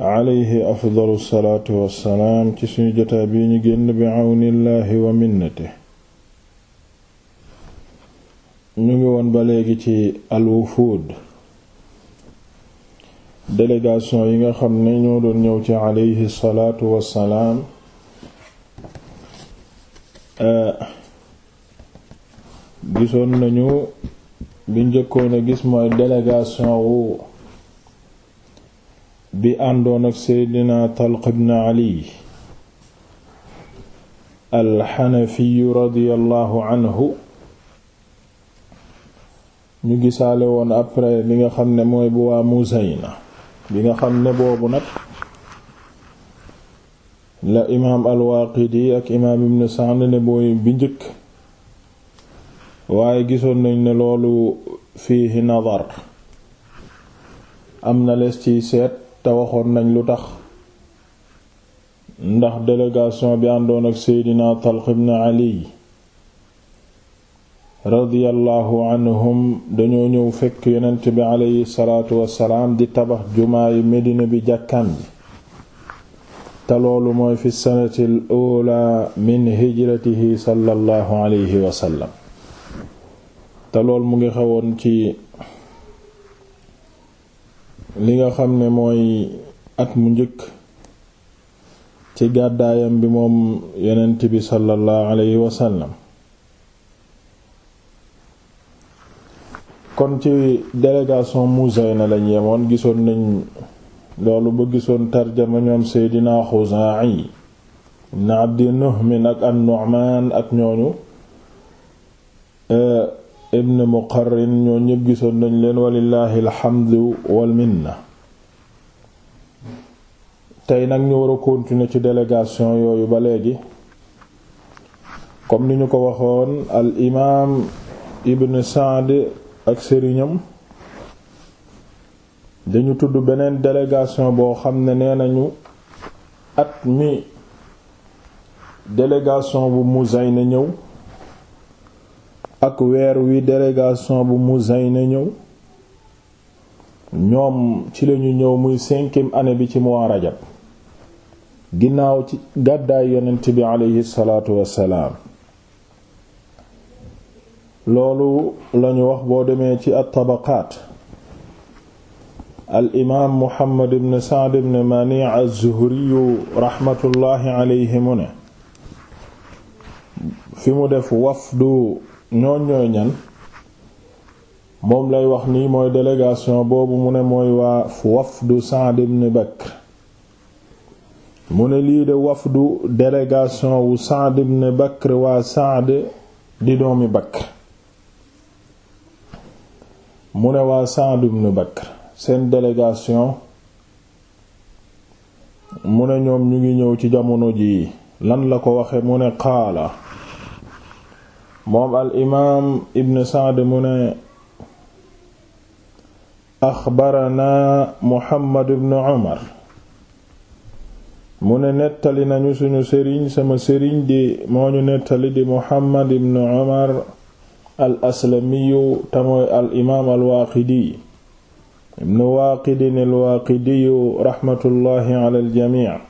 alayhi afdalu salaatu ci suñu jotaa bii ñu génn bi àwnillaahi wa minnate ñu ngi woon ba léegi ci alwufuud délégation yi nga xam ni ñoo doon ñëw ci alayhi salaatu wassalaam gisoon nañu bi njëkkoon gis mooy délégation wu bi àndoon ak seydina Talq ibn Ali alxanafiyu radiyallahu anhu ñu gisaale woon après bi nga xam ne mooy bu waa Muzayna bi nga xam ne boobu nag la imaam al ak imaam ibn Sa'd ne booy bi njëkk waaye gisoon nañ ne loolu fiihi nadar am na lees ci seet te waxoon nañ lu tax ndax delegation bi àndoon ak seydina Talq ibn Ali radiyallahu anhum dañoo ñëw fekk yonent bi aleyhi salaatu wassalaam di tabax jumaayu medina bi jàkkaan bi te loolu mooy fi sanati al ula min hijratihi sallallahu aleyhi wasallam te lool mu ngi xewoon ci li nga xam ne mooy at mu njëkk ci gàddaayam bi moom yonent bi sallallahu alayhi wa sallam kon ci délégation Muzayna lañ yemoon gisoon nañ loolu ba gisoon tarjama ñoom Seydina Xuzaa'i ibn Abdi Nuhmin ak an-Nu'man ak ñooñu euh, ibn muqarrin ñoo ñëpp gisoon nañ leen walillaahi alxamdu walminna tey nag ñu war a ci délégation yooyu ba léegi comme ni ñu ko waxoon al imaam ibn saad ak sëriñam dañu tudd beneen délégation boo xam ne nee nañu at mi délégation bu Muzayna ñëw ak weer wi délégation bu Muzayna ñëw ñoom ci lañu ñëw muy cinquième année bi ci mois rajab ginnaaw ci gàddaay yonent bi aleyhi salaatu wassalaam loolu lañu wax boo demee ci at-Tabaqaat al imaam Muhammad ibn Sa'd ibn Mani' az-Zuhri raxmatullaahi aleyhi mu ne fi mu def wafdu ñooñ ñooy ñan moom lay wax nii mooy délégation boobu mu ne mooy waa wafdu Sa'd ibn Bakr mu ne lii de waf du délégation wu Sa'd ibn Bakr waa Sa'd di doomi Bakr mu ne waa Sa'd ibn Bakr seen délégation mu ne ñoom ñu ngi ñëw ci jamono jii lan la ko waxe mu ne qaala moom al imaam ibn Sa'd mu ne axbarana Muhammad ibn Umar mu ne nettali nañu suñu sëriñ sama sëriñ di moo ñu nettali di Muhammad ibn Umar al aslamiyu tamooy al imaam al waaqidi ibn waaqidin al waaqidi raxmatullaahi ala al jamii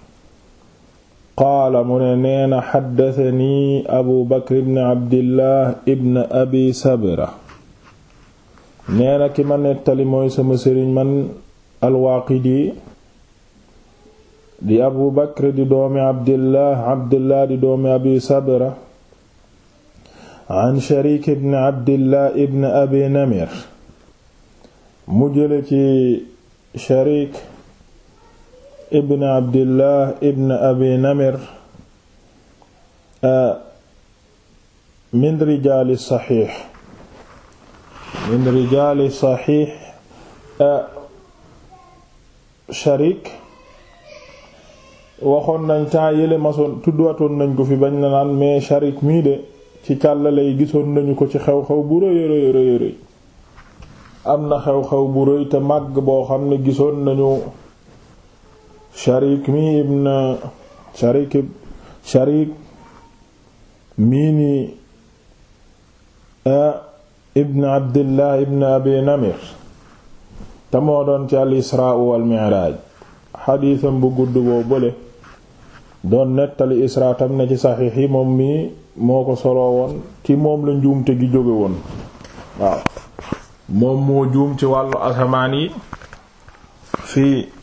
qaala mu ne neena xaddatani abu bakr ibn abdillah ibn abi sabra neena ki ma nettali mooy sama sëriñ man alwaaqidi di abu bakr di doomi abdillah abdillah di doomi abi sabra an sharik ibn abdillah ibn abi namir mu jële ci sharik ibn abdillah ibn abi namir eh, min rijaali saxiix min rijaali saxiix eh, sharik waxoon nañ temps yële masoon tudduwatoon nañ ko fi bañ na naan mais sharik mii de ci càllale yi gisoon nañu ko ci xew-xew bu rëy rëy rëy am na xew-xew bu rëy te màgg boo xam ne gisoon nañu Sharik mi mii ni ibn Abdillah ibn Abi Namir te moo doon ci al israa wal miraaj xadiisam bu gudd boo bële doon nettali israa tam ne ci saxiix yi moom mii moo ko soloo woon ci moom la njuumte gi jóge woon moom moo juum wàllu asamaan fii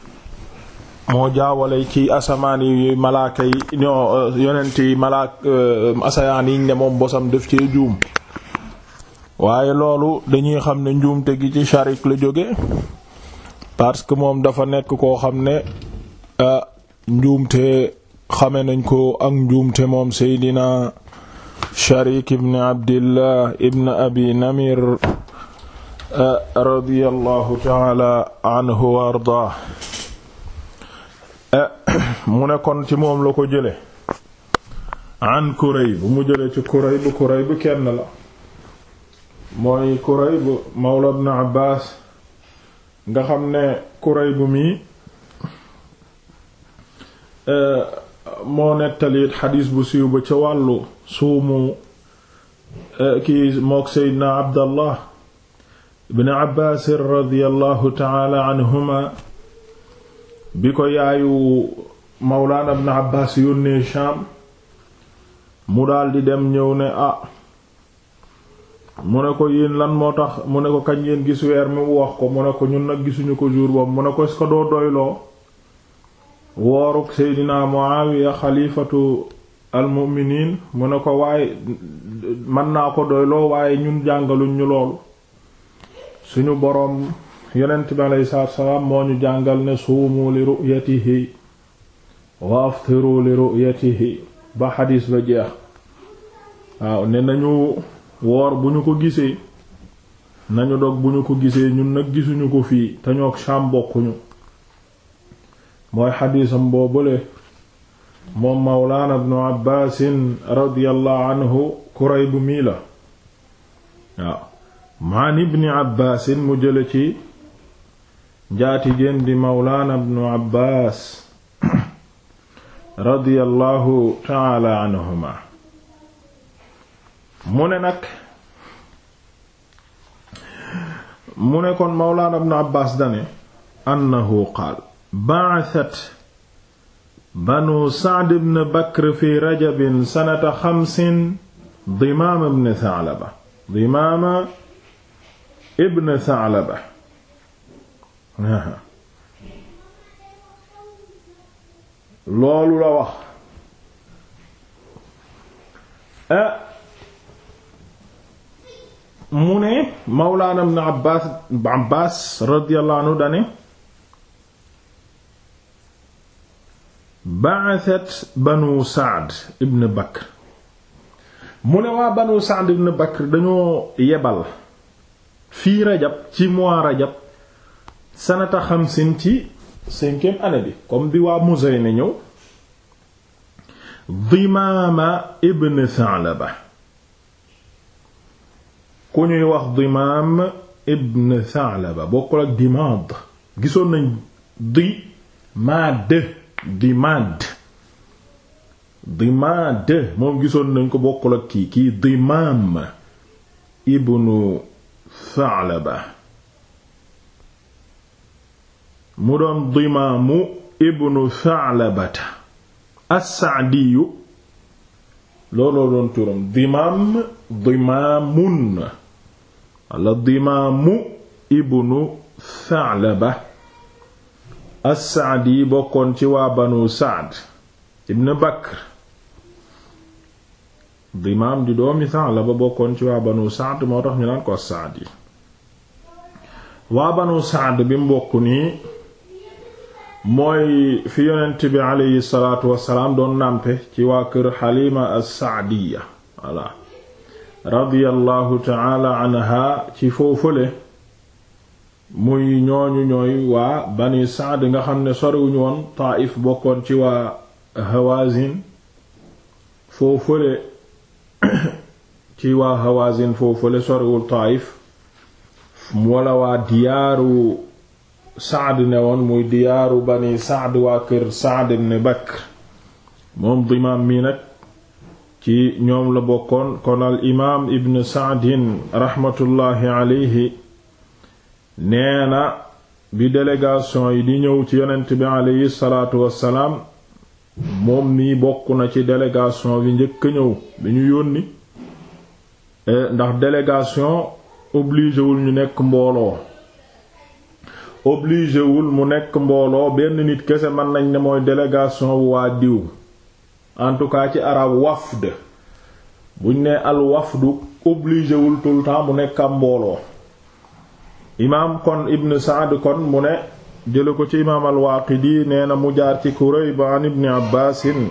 moo jaawale ci asamaan yi malaaka yi ñoo uh, yonent yi malaak uh, asayaan yiñ ne moom bosam def ci juum waaye loolu dañuy xam ne njuumte gi ci sharik la jóge parce que moom dafa nekk koo xam ne uh, njuumte xame nañ ko ak njuumte moom seydina sharik ibn abdillah ibn abi namir radiyallahu taala anhu wa ardaa Eh, mu ne kon ci moom la ko jële an Kurayb mu jële ci Kurayb bu kenn la mooy Kurayb mawla ibn Abbaas nga xam ne bu mii eh, moo nettaliit xadiis bu siiw ba ci wàllu suumu eh, kii mook Seydina Abdallah ibn Abbaas radiyallahu ta'ala anhuma bi ko yaayu mawlaana ibn Abbaas yónnee Shaam mu daldi dem ñëw ne ah mu ne ko yéen lan moo tax mu ne ko kañ ngeen gis weer mi wax ko mu ne ko ñun nag gisuñu ko jour boobu mu ne ko est-ce que doo doyloo wooruk Seydina Muawiya xalifatu almuminiin mu ne ko waaye mën naa ko doyloo waaye ñun jàngaluñ ñu loolu suñu boroom yonent bi aleyhi salaatu salaam moo ñu jàngal ne suumu li ru'yatihi wa aftiru li ru'yatihi ba xadiis ba jeex waaw ne nañu woor bu ñu ko gisee nañu dog bu ñu ko gisee ñun nag gisuñu ko fii te ñoo Shaam bokkuñu mooy xadiisam boobule moom mawlaana ibnu abbaasin radiyallahu anhu Kurayb mii la waaw maan ibni abbaasin mu jële ci njaatigéen di mawlaana bnu abbaas radiyallahu taala anhuma mu ne nag mu ne kon mawlaana bnu abbaas dane annahu qaal ba'athat banu sa'd bnu bakr fi rajabin sanata xamsin dimaama bnu tha'laba dimaama ibn tha'laba loolu la wax eh, mu ne mawlaana ibn Abbaas Abbaas radiyallahu anhu dane ba'athat banu Sa'd ibn Bakr mu ne waa banu Sa'd ibn Bakr dañoo yebal fii rajab ci mois rajab sanata xamsin ci cinquième année bi comme bi waa Muzayna ñëw Dimaama ibn Thalaba ku ñuy wax Dimaam ibn Thalaba bokkul ak Dimaad gisoon nañ Dimaad Dimaad Dimaad moom gisoon nañ ko bokkul ak kii kii Dimaam ibnu Thalaba mu doon dimaamu ibnu thalabata as-saadiyu looloo doon turam dimaam dimaamun thalaba bokkoon ci waa banu saad ibn bakr di doomi thalaba bokkoon ci waa banu saad moo tax ñu naan ko as-saadi waa banu saad bi mbokk nii mooy fi yonent bi aleyhi salaatu wassalaam doon nàmpe ci waa kër xalima as-saadiya radiyallahu taala anha ci foofale muy ñooñu ñooy waa bani saad nga xam ne soriwuñu woon taaif bokkoon ci waa hawazin foofale ci waa hawazin foofale soriwul taaif wala waa diyaaru Saad ne woon muy diyaaru bani Saad waa kër Saad ibn Bakr moom dimaam mi nag ci ñoom la bokkoon kon al imaam ibn Saadin raxmatullaahi aleyhi nee na bi délégation yi di ñëw ci yonent bi aleyhi salaatu wassalaam moom mi bokk na ci délégation bi njëkk a ñëw bi ñu yónni eh, ndax délégation obligé ñu nekk mbooloo obligé wul mu nekk mbooloo benn nit kese man nañ ne mooy délégation waa diw en tout cas ci arab wafd buñ ne al wafdu obligé wul tout mu nekk am mbooloo imaam kon ibn Saad kon mu ne jële ko ci imaam al-Waaqidi nee na mu jaar ci Kurayb an ibn Abbaasin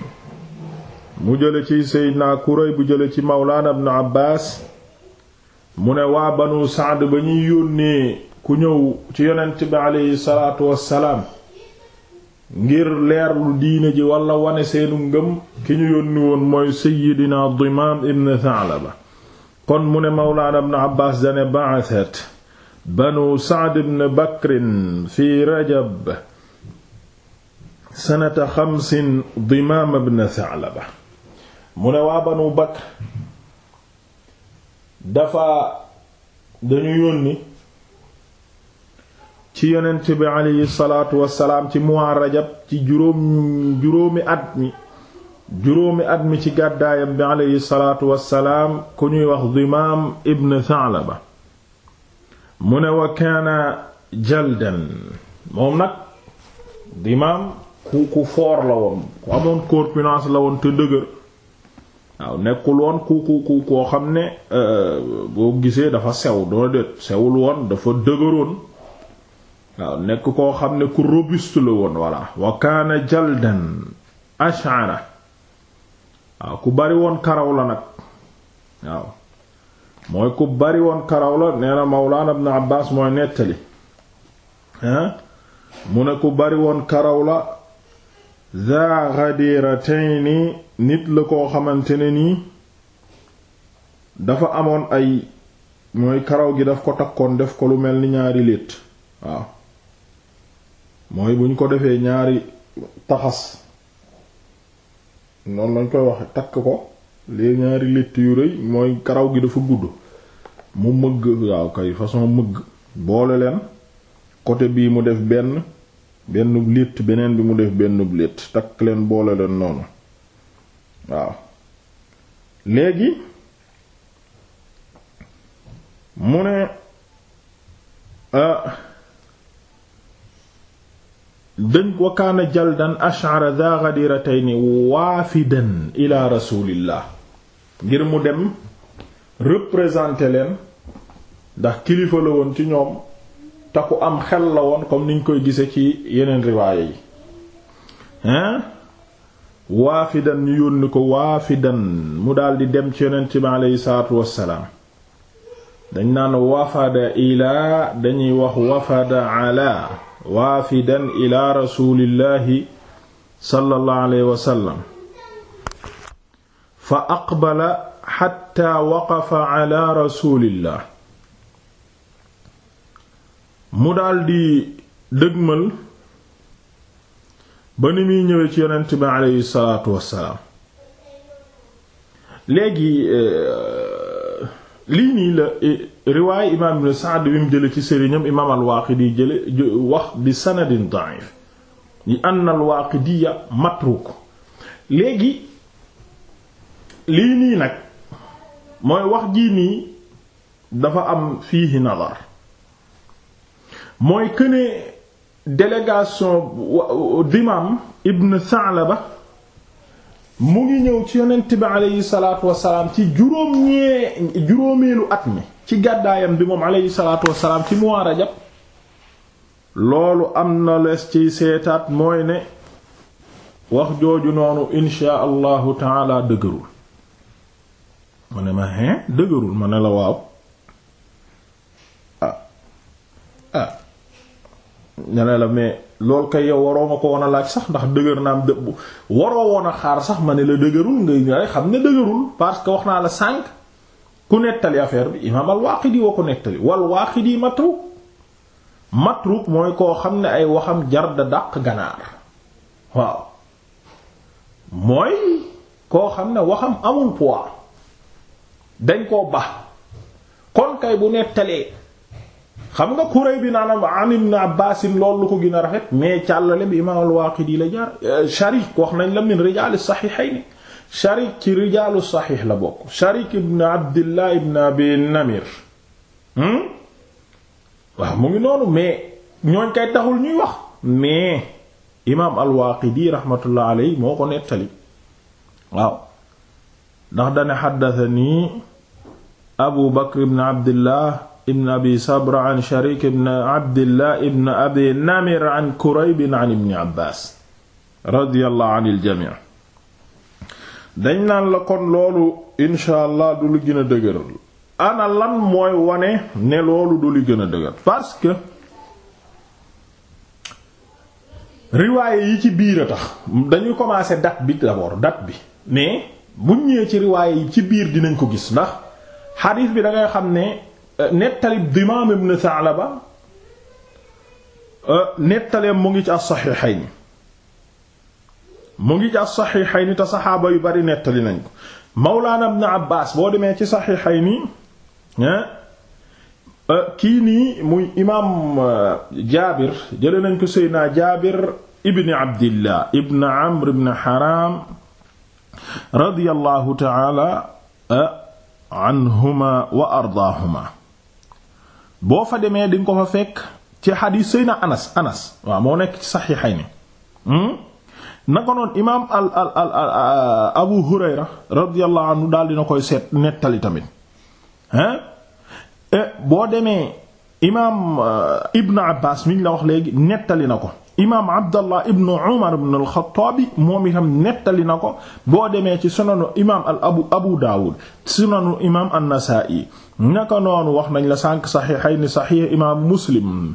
mu jële ci Seydina Kurayb bu jële ci Mawlaana ibn Abbaas mu ne waa banu Saad ba ñuy yónnee ku ñëw ci yonent bi aleyhi salaatu wassalaam ngir leerlu diine ji walla wane seenu ngëm ki ñu yónni woon mooy seyyidina dimaam ibn Tha'laba kon mu ne mawlaana ibn Abbaas dane ba'athat banu Sa'd ibn Bakrin fi Rajab sanata xamsin dimaam ibn Tha'laba mu ne waa banu Bakr dafa dañu yónni ci yonent bi aleyhi salaatu wassalaam ci mois rajab ci juróom juróomi at mi juróomi at mi ci gàddaayam bi aleyhi salaatu wassalaam ku ñuy wax dimaam ibn Thalaba mu ne wa kaana jaldan moom nag dimaam ku foor la woon ku amoon corpulence la woon te dëgër waaw nekkul woon ku ku koo xam ne euh, boo gisee dafa sew doo déet sewul woon dafa dëgëroon waaw nekk koo xam ne ku robuste la woon walla wa kaana jaldan ash'ara waaw ku bari woon karaw la nag waaw mooy ku bari woon karaw la nee mu ne ku bari karaw la za ghadiratayni nit la koo xamante ne nii dafa amoon ay mooy karaw gi daf ko takkoon def ko lu mel ni ñaari létt waaw mooy bu ñu ko defee ñaari taxas noonu lañ koy wax takk ko les ñaari létt yu rëy mooy karaw gi dafa gudd mu mëgg waaw kay façon mëgg boole leen côté bii mu def benn benn létt beneen bi mu def benn létt takk leen boole leen noonu waaw léegi mu ne euh, dënk wa kaana jaldan ash'ara dha ghadiratayni waafidan ila rasulillah ngir mu dem représenter leen ndax kilifa la woon ci ñoom te am xel la woon comme niñ koy gise ci yeneen riwaaya yi hein waafidan ñu yónni ko waafidan mu daldi dem ci yonent bi aleyhi salaatu wassalaam dañ naan wafada ilaa dañuy wax wafada ala waafidan ila rasulillahi sallallahu alayhi wa sallam fa aqbala xatta waqafa ala rasulillah mu daldi dëgmal ba ni muy ñëwee ci yonent bi aleyhi salaatu wassalaam léegi euh, lii nii la riwaay imaam ibn Sa'd bi mu jëlee ci sëriñam imaam al-Waaqidi jële wax bi sanadin da'if yi anna al-Waaqidiyya matruk léegi lii nii nag mooy wax jii nii dafa am fiihi nadar mooy këne délégation dimaam ibn Sa'laba mu ngi ñëw ci yonent bi aleyhi salaatu wasalaam ci juróom juróomeelu at mi ci gàddaayam bi moom aleyhi salaatu wassalaam ci mois rajab loolu am na lees ciy seetaat mooy ne wax jooju noonu inshaa allahu taala dëgërul mu ne ma ne la waaw ah ah ne la mais loolu kay yow waroo ma ko woon a laaj sax ndax dëgër naam dëbb waroo woon a xaar sax ma ne la dëgërul ngay xam ne dëgërul parce que wax naa la sànq ku nettali affaire bi imaam al-Waaqidi woo ko nettali wal-Waaqidi matruk matruk mooy koo xam ne ay waxam jar da dàq ganaar waaw mooy koo xam ne waxam amul poids dañ koo ba kon kay bu nettalee xam nga Kurayb bi naan an Ibn Abbaas loolu lu ko gën a rafet mais càllale bi imaam al-Waaqidi la jaar euh, Shariik wax nañ la min rijaal as-sahihayn sharik ci rijaalu saxiix la bokk sharik ibn abdillah ibn abi namir hmm? waaw mu ngi noonu mais ñooñ kay taxul ñuy wax mais imaam al-Waaqidi raxmatullah alayhi moo ko nettali waaw ndax dane xaddatani abu bakr ibn abdillah ibn abi sabra an sharik ibn abdillah ibn abi namir an kurayb an ibn abbaas radiyallahu anil jamii dañ naan la kon loolu incha allah du lu gën a dëgër ana lan mooy wane ne loolu du lu gën a dëgër parce que riwaaye yi ci biir a tax dañuy commencer date bi d'abord date bi mais buñ ñëwee ci riwaaye yi ci biir dinañ ko gis ndax xadiis bi dangay xam ne euh, nettalib Dimaam ibn ba euh, nettaleem mu ngi ci as-Sahihayn mu ngi jàpp saxiixayni te saxaaba yu bari nettali nañ ko Mawlaana Abbaas boo demee ci saxiixayni euh, kii nii muy imaam euh, Jaabir jëlee nañ ko Seydina Jaabir ibn Abdillah ibn Amr ibn Haram radiyallahu ta'ala euh, fa demee dinga ko fa ci xadiis Seydina Anas Anas waaw moo nekk ci saxiixayni hmm? naka noonu imaam al al al uh, Abu Hurayra radiyallahu anhu daal dina koy seet nettali tamit hein eh, boo demee imaam uh, Ibn Abbas mi ñu la wax léegi nettali na ko imaam Abdallah Ibn Umar ibn al-Khattab moom itam nettali na ko boo demee ci sunanu imaam al Abu Abu sunanu imaam an-Nasa'i naka noonu wax nañ la sànq saxiixay ni saxiix imaamu muslim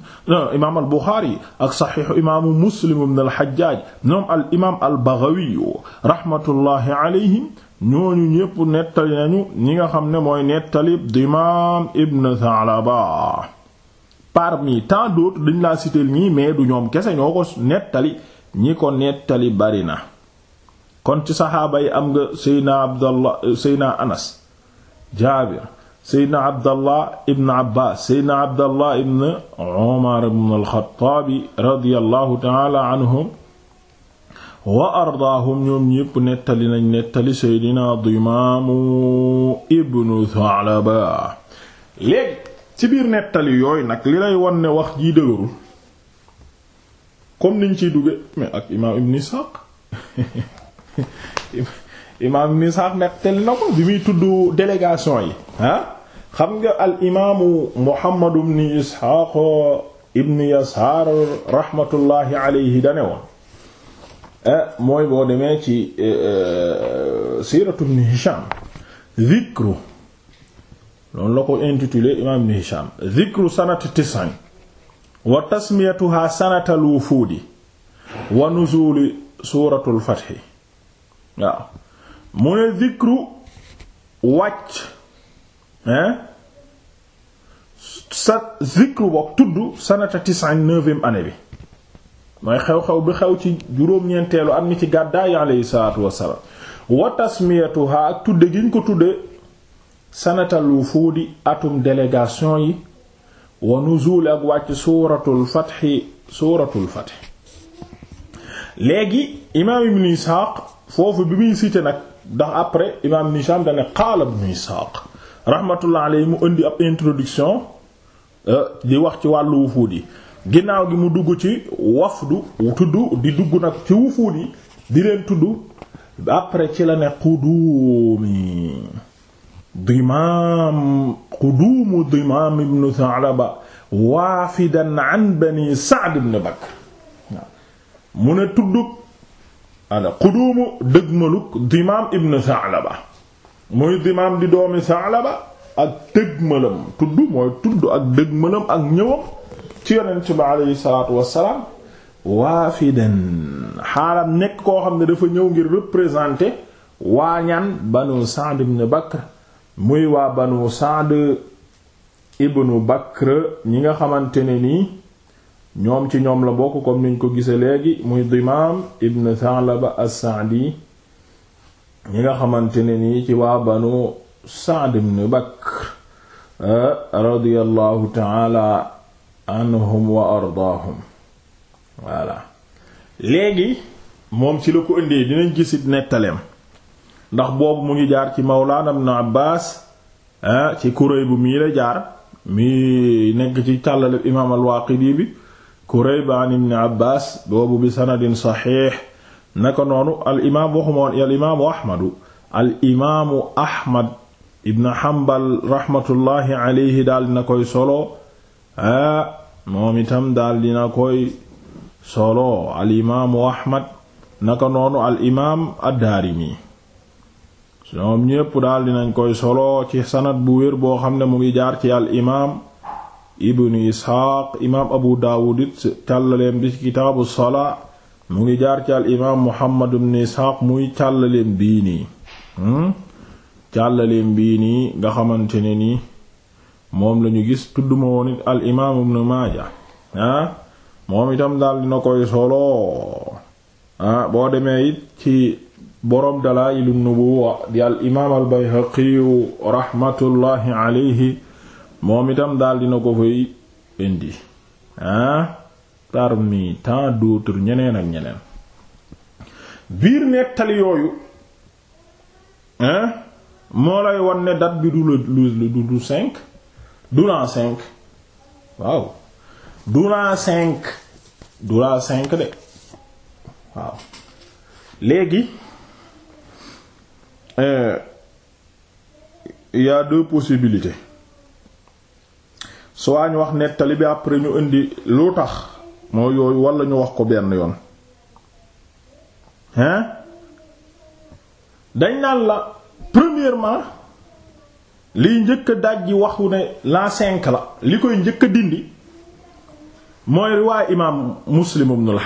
imaam al buxaari ak saxiixu imaamu muslim ibn al xajjaaj ñoom al imaam al baghawi rahmatullahi alayhim ñooñu ñépp nettali nañu ñi nga xam ne mooy nettali dimaam ibn Thalaba parmi tant dañ laa citer ñii mais du ñoom kese ñoo ko nettali ñi ko nettali bari na kon ci saxaaba yi am nga Seyna Abdallah Seyna Anas Jaabir seydna abdallah ibn abbas seydna abdallah ibn omar ibn alxataabi radiallahu wa ardaahum ñoom ñépp nettali nañ nettali seydina dimaamu ibnu thalaba léegi ci biir nettali yooyu nag li lay won wax jii dëgërul comme niñ ciy dugge mais ak imaam ibn isxaaq nettali na ko bi muy tudd délégation yi ah. xam nga al imaamu Muhammad ibn Isxaaq ibn Yasaar rahmatullahi alayhi dane woon eh, mooy boo Hisham dhikru loolu la Hisham dhikru sanati tis'in wa tasmiyatuha sanatal wufuudi wa nuzuuli suuratul fathi waaw mu ne dhikru wàcc hein sa zikru bokk tudd sanata tisan neuvième année bi mooy xew-xew bi xew ci juróom-ñeenteelu am ni ci gàddaay aleyhi salaatu wassalaam wa tasmiyatuha ak tudde gi ñu ko tudde sanatal wufuudi atum délégation yi wa nuzuul ak wàcc suuratul fatxi suuratul fatx léegi imaam ibnu isxaaq foofu bi muy cité nag ndax après imaam ibnu hishaam dane qaala ibnu isxaaq rahmatullah alayhi mu indi ab introduction euh, di wax ci wàllu wufuud yi ginnaaw gi mu dugg ci wafdu tudd di dugg nag ci wufuud yi di leen tudd après ci la ne quduumi dimaam quduumu dimaam ibnu Sa'laba waafidan an bani ibn Bakr mu ne tuddug ana quduumu dëgmalug dimaam ibnu muy dimaam di doomi Saalaba ak dëgmalam tudd mooy tudd ak dëgmalam ak ñëwam ci yonent bi aleyhi salaatu wassalaam waafidan xaalam nekk koo xam ne dafa ñëw ngir représenter waa ñan banu Sa'd ibn Bakr muy waa banu Sa'd ibn Bakr ñi nga xamante ne nii ñoom ci ñoom la bokk comme niñ ko gise léegi muy dimaam ibn Saalaba as-Sa'di ñi nga xamante ne nii ci waa banu Sa'd ibn Bakr eh, radiyallahu taala anhum wa ardaahum voilà léegi moom ci la ko indee dinañ gisit nettaleem ndax boobu mu ngi jaar ci mawlaana ibn Abbaas eh, ci Kurayb bu mii la jaar mi nekk ci càllale imaam al-Waaqidi bi an ibn Abbaas boobu bi sanadin saxiix naka noonu al imaam waxumoon al imaamu ahmadu al imaamu ahmad ibn hanbal rahmatullahi alayhi daal dina koy solo ah moom itam daal dina koy solo al imaamu ahmad naka noonu al imaam addaarimi ñoom ñépp daal dinañ koy solo ci sanad bu wér boo xam ne mu ngi jaar ci al imaam ibnu isxaaq imaam abu daawud it càllaleem bi ci kitaabu salaa mu ngi jaar ci al imaam muhammad ibn muy càllaleen bii nii hmm? càllaleen bii nii nga xamante ne nii moom lañu gis tudd ma woon it al maaja ah? moom itam daal dina koy solo ah? boo demee it ci boroom dalaa'ilu nubuwa di al al bayhaqiyu raxmatullaahi alayhi moom itam daal dina ko fay indi ah? parmi tant d'autres ñeneen ak ñeneen biir nettali yooyu hein moo lay wan ne date bi du lu du du cinq du la cinq waaw du la cinq du la cinq de waaw léegi il euh, y a deux wax nettali bi après ñu indi lu tax moo yooyu wala ñu wax ko benn yoon hein dañ naan la premièrement liy njëkk a waxu ne laa cinq la li koy njëkk a dindi mooy riwaay imaam muslim ibn al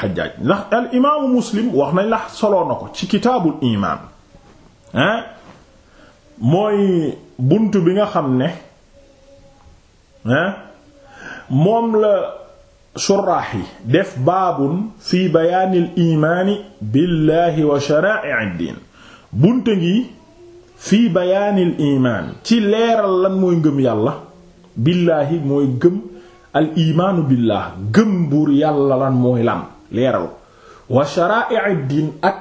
ndax al imaamu muslim wax nañ la soloo na ko ci kitaabul imaan hein mooy bunt bi nga xam ne hein moom la suraax yi def baabun fi bayaanil imaani billaahi wa sharaa'i'id diin bunte ngi fi bayaanil imaan ci leeral lan mooy ngëm yàlla billaahi mooy gëm al imaanu billaah gëm buur yàlla lan mooy lan leeral wa sharaa'i'id diin ak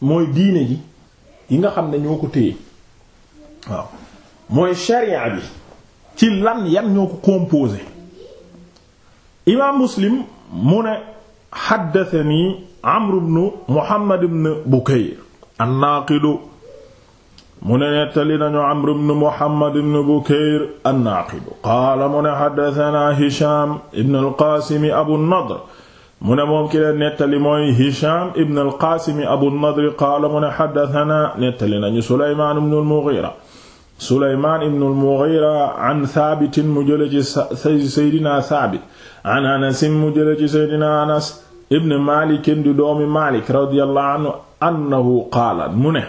mooy diine ji yi nga xam ne ñoo ko téye waaw mooy sharia bi ci lan yan ñoo ko composé imaam muslim mu ne xaddatani amru bnu muhammad bnu bukayr annaaqidu mu ne nettali nañu amru bnu muhammad bnu bukayr annaaqidu qaala mu ne xaddatana hisham ibn alqaasimi abu nadr mu ne moom ki leen nettali mooy hisham ibn alqaasimi abu nadr qaala mu ne xaddatana nettali nañu sulaymaan bnu almughira Souleymane Ibn al-Mughira an Thabit mu jëlee ci Seydina Thabit an Anas mu jëlee ci Seydina Anas Ibn Malik di doomi Malik radiyallahu anhu annahu qaala mu ne.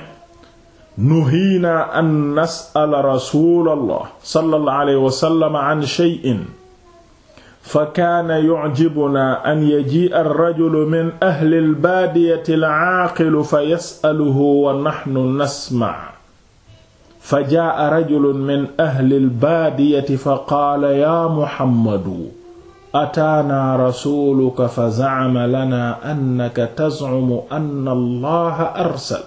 nuhiina an nas'ala rasulallah sallallahu alayhi wa sallam an shay'in fa kaana yu'jibuna an yaji'a ar-rajulu min ahli al-baadiyati al-'aaqilu fa yas'aluhu wa nahnu nasma' fa jaa rajulun min ahli albaadiyati fa qaala yaa muhammadu ataana rasuluka fa zacama lana annaka tazcumu anna allaha arsal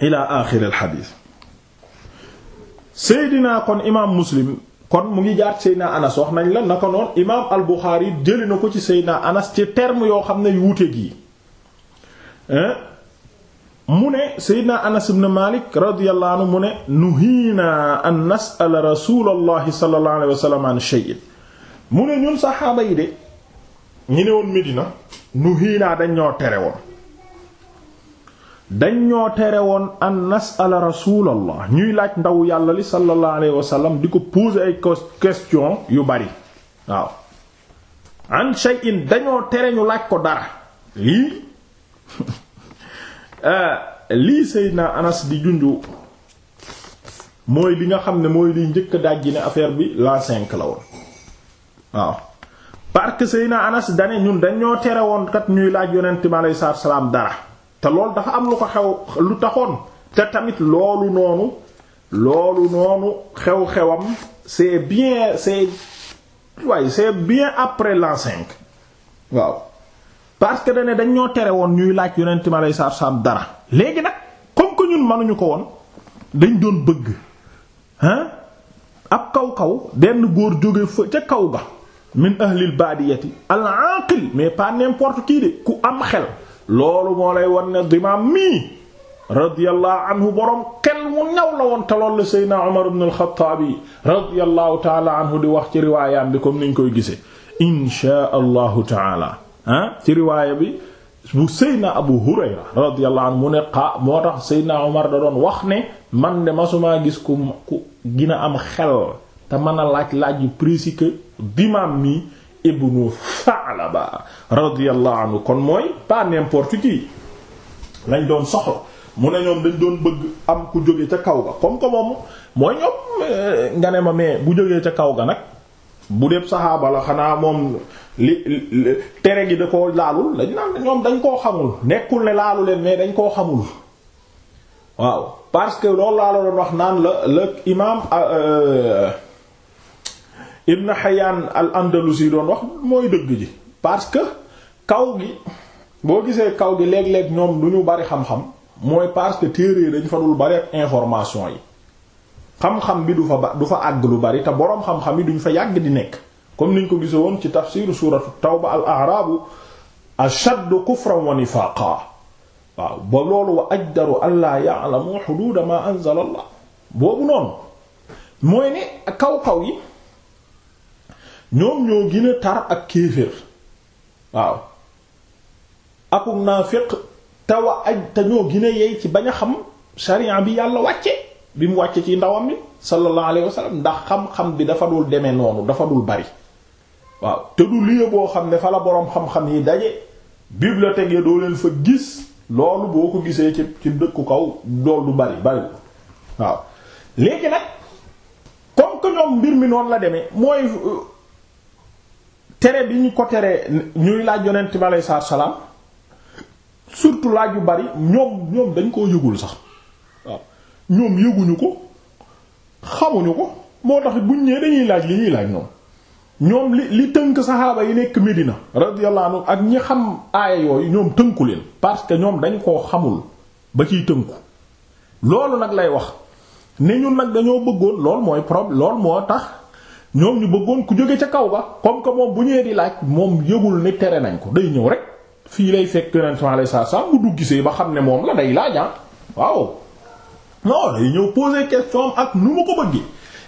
ila axiri alxadis seydinaa kon imaam muslim kon mu ngi jaar seydinaa anas wax nañ la naka noon imaam albuxaari jëli na ko ci seydinaa anas ci terme yoo xam ne yu wuute gi mu ne Seydina Anas ibn Malik radiyallahu anhu mu ne nuhiina an nas'ala rasulallahi sallallahu alayhi wa sallam an mu ne ñun saxaaba yi de ñi ne woon Medina nuhiina dañ ñoo tere woon dañ ñoo tere woon an nas'ala rasulallah ñuy laaj ndaw yàlla li sallallahu alayhi wa sallam di ko poser ay question yu bari waaw an shay'in dañoo tere ñu laaj ko dara lii Euh, lii na Anas di junju mooy li nga xam ne mooy liy njëkk a ne affaire bi la cinq la woon waaw parce que na Anas dane ñun dañoo tere woon kat ñuy laaj yonent mi aleyhi salaam dara te loolu dafa am lu ko xew lu taxoon te tamit loolu noonu loolu noonu xew-xewam c'est bien c'est waaye c'est bien après la waaw parce que dañ ne dañ ñoo tere woon ñuy laaj yonent mi aleyhi salaatu salaam dara léegi nag comme que ñun mënuñu ko woon dañ doon bëgg ah ab kaw kaw benn góor jóge fa ca kaw ga min ahlil baadiyati al aqil mais pas n'importe qui de ku am xel loolu moo lay wan ne dimaam mii radiyallahu anhu boroom xel mu ñaw la woon te loolu la seydna Umar ibn al radiyallahu taala anhu di wax ci riwaayam bi comme niñ koy gisee inshaa allahu taala ah ci riwaaya bi bu Seydina Abu Hurayra radiyallahu anhu mu ne xaa moo tax Seydina Omar da doon wax ne man de masumaa gis ku ku gina am xel te mën laaj laaj yu précis que dimaam mi ibnu Sa'laba radiyallahu anhu kon mooy pas n'importe qui lañ doon soxla mu ne ñoom dañ doon bëgg am ku jóge ca kaw ga comme que moom mooy ñoom euh, nga ne ma mais bu jógee ca kaw ga nag bu dee saxaaba la xanaa moom li tere gi da ko laalul dañ naan ñoom dañ koo xamul nekkul ne laalu leen mais dañ koo xamul waaw parce que loolu laa la doon wax naan la la imaam euh, euh, Ibn Hayyan al Andalusi doon wax mooy dëgg ji parce que kaw gi boo gisee kaw gi léeg-léeg ñoom du ñu bari xam-xam mooy parce que téere dañ fa dul bari information yi xam-xam bi du fa ba du fa àgg lu bari te boroom xam-xam yi duñ fa yàgg di nekk comme niñ ko gise woon ci tafsiru suratu tawba al arabu ashaddu wa nifaaqaa waaw ba loolu wa ajdaru an laa xuduuda ma anzala allah boobu noonu mooy ne kaw-kaw yi ñoom ñoo gën tar ak kéeféer waaw akum naafiq te wa aj te ñoo gën a ci bañ a xam sharia bi yàlla wàcce bi mu wàccee ci ndawam bi sallallahu alayhi ndax xam-xam bi dafa dul demee noonu dafa dul bari waaw te du lieu boo xam ne fa la boroom xam-xam yi daje bibliothèque ya doo leen fa gis loolu boo ko gisee ci ci dëkku kaw loolu du bari bari waaw léegi nag comme que ñoom mbir mi noonu la demee mooy euh, tere bi ñu ko tere ñuy laaj yonent bi alayhi salaam surtout laaj yu bari ñoom ñoom dañ koo yëgul sax ñoom yëguñu ko xamuñu ko moo tax buñ ñëwee dañuy laaj li ñuy laaj ñoom ñoom li li tënk saxaaba yi nekk Medina radiyallahu anhu ak ñi xam aaya yooyu ñoom tënku leen parce que ñoom dañu koo xamul ba ciy tënku loolu nag lay wax ne ñun nag dañoo bëggoon lool mooy problème lool moo tax ñoom ñu bëggoon ku jóge ca kaw ba comme que moom bu ñëwee di laaj moom yëgul ni tere nañ ko day ñëw rek fii lay fekk yonent sallallahu saa wasallam bu du gisee ba xam ne moom la day laaj ah waaw non day ñëw poser question ak nu ma ko bëggee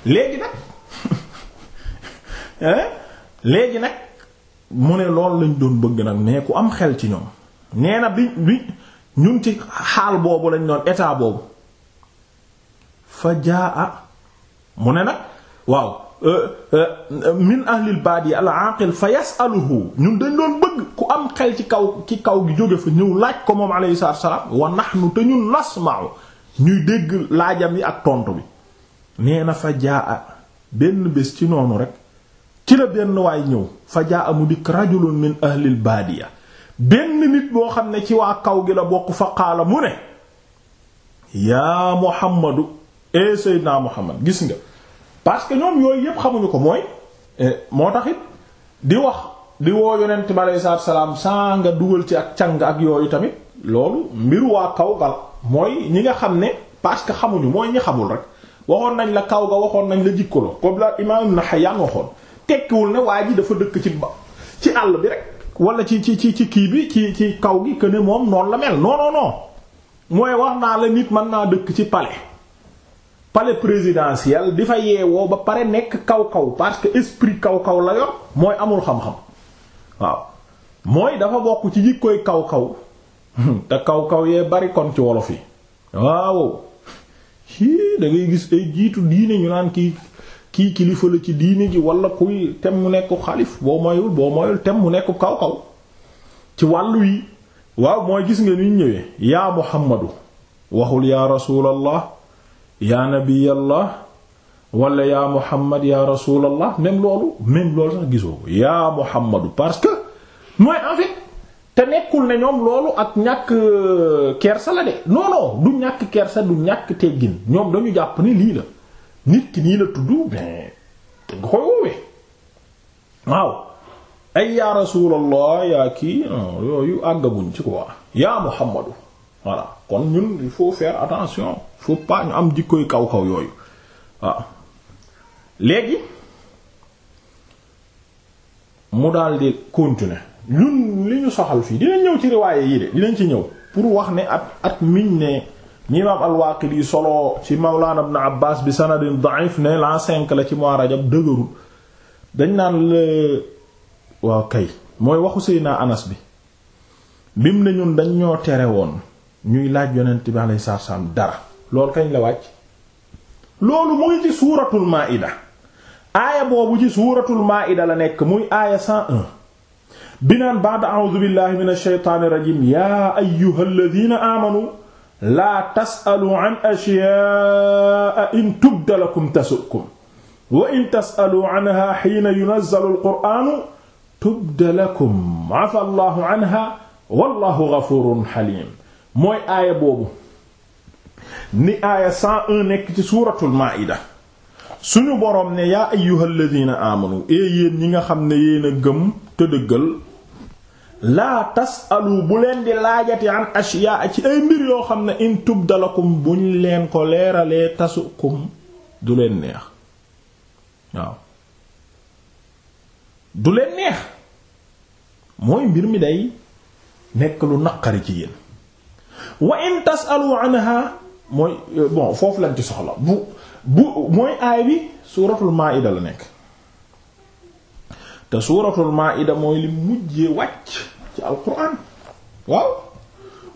léegi nag léegi nag mu ne loolu lañ doon bëgg nag mais ku am xel ci ñoom nee na bi bi ñun ci xaal boobu lañ doon état boobu fa jaa a mu ne nag waaw euh, euh, min ahlil baadi al aqil fa yasaluhu ñun dañ doon bëgg ku am xel ci kaw ci kaw gi jóge fa ñëw laaj ko moom alayhi salaam wa nahnu te ñun nasma'u ñuy dégg laajam yi ak tontu bi nee na fa jaa benn bés ci noonu rek ci la benn waay ñëw fa jaa mu dikk rajulun min ahlil baadiya benn nit boo xam ne ci waa kaw gi la bokk fa qaala mu ne yaa muhammadu e eh, sayyidna muhammad gis nga parce que ñoom yooyu yépp xamuñu ko mooy eh, moo tax di wax di woo yonent bi aleyhi salaatu saa nga dugal ci ak càng ak yooyu tamit loolu mbir waa kaw gal mooy ñi nga xam ne parce que xamuñu mooy ñi xamul rek waxoon nañ la kaw ga waxoon nañ la jikkoloo comme la imam na xayaan waxoon tekkiwul ne waa ji dafa dëkk ci ba ci àll bi rek wala ci ci ci ci kii bi ci ci kaw gi que ne moom noonu la mel non non mooy wax naa la nit mën naa dëkk ci palais palais présidentiel di fa yeewoo ba pare nekk kaw-kaw parce que esprit kaw-kaw la yor mooy amul xam-xam waaw mooy dafa bokk ci jikkooy kaw-kaw te kaw kaw yee bari kon ci wolof yi waaw dangay gis ay jiitu diine ñu naan kii kilifa la ci diine ji walla kuy tem mu nekk xalif boo moyul boo moyul tem mu nekk kaw kaw ci wàllu yi waaw mooy gis nga ni ñëwee yaa muhammadu waxul yaa rasuulallah yaa nabiyallah wala yaa muhammad yaa rasuulallah même loolu même loolu sax gisoo yaa muhammadu parce que mooy en fait te nekkul ne ñoom loolu ak ñàkk euh, kersa la de non du ñàkk kersa du ñàkk teggin ñoom dañu jàpp ni lii la nit ki nii la tudd mais te nga koy woowee waaw ay yaa rasulallah yaa kii yooyu àggaguñ ci quoi yaa muhammadu voilà kon ñun il faut faire attention il faut ñu am jikkoy kaw kaw yooyu waaw léegi mu daldi continuer ñun ñu soxal fii dinañ ñëw ci riwaaye yi de dinañ ci ñëw pour wax ne at at miñ ne ñi imaam al-Waaqidi solo ci Mawlaana Ibn Abbaas bi sanadin da'if ne l'an cinq la ci mois Rajab dëgërul dañ naan la waaw kay mooy waxu Seydina Anas bi bim ne ñun dañ ñoo tere woon ñuy laaj yonent bi alayhi salaam dara loolu kañ la wàcc loolu mu ngi ci suuratul Maa'ida aaya boobu ci suuratul ida la nekk muy aaya 101 binaan ba'da a'uudu billahi minash shaytaanir rajiim yaa ayyuhal ladhiina aamanu laa tas'alu an ashyaa'a in tubda lakum tasu'kum wa in tas'alu anhaa hiina yunazzalu al-qur'aanu tubda lakum 'afaa Allahu anhaa wallaahu ghafuurun haliim mooy aaya boobu ni aaya 101 nekk ci suuratul maa'ida suñu boroom ne yaa ayyuhal ladhiina aamanu ee yéen ñi nga xam ne yéen a gëm te dëggal laa tasalu bu leen di laajati an ashyaa ci ay mbir yoo xam ne in tubdalakum buñ leen ko leeralee tasukum du leen neex waaw du leen neex mooy mbir mi day nekk lu naqari ci yéen wa in tasalu anha mooy euh, bon foofu lañ ci soxla bu bu mooy aay bi suuratul maa'ida la nekk te suuratul maa'ida mooy li mujjee wàcc ci alquran waaw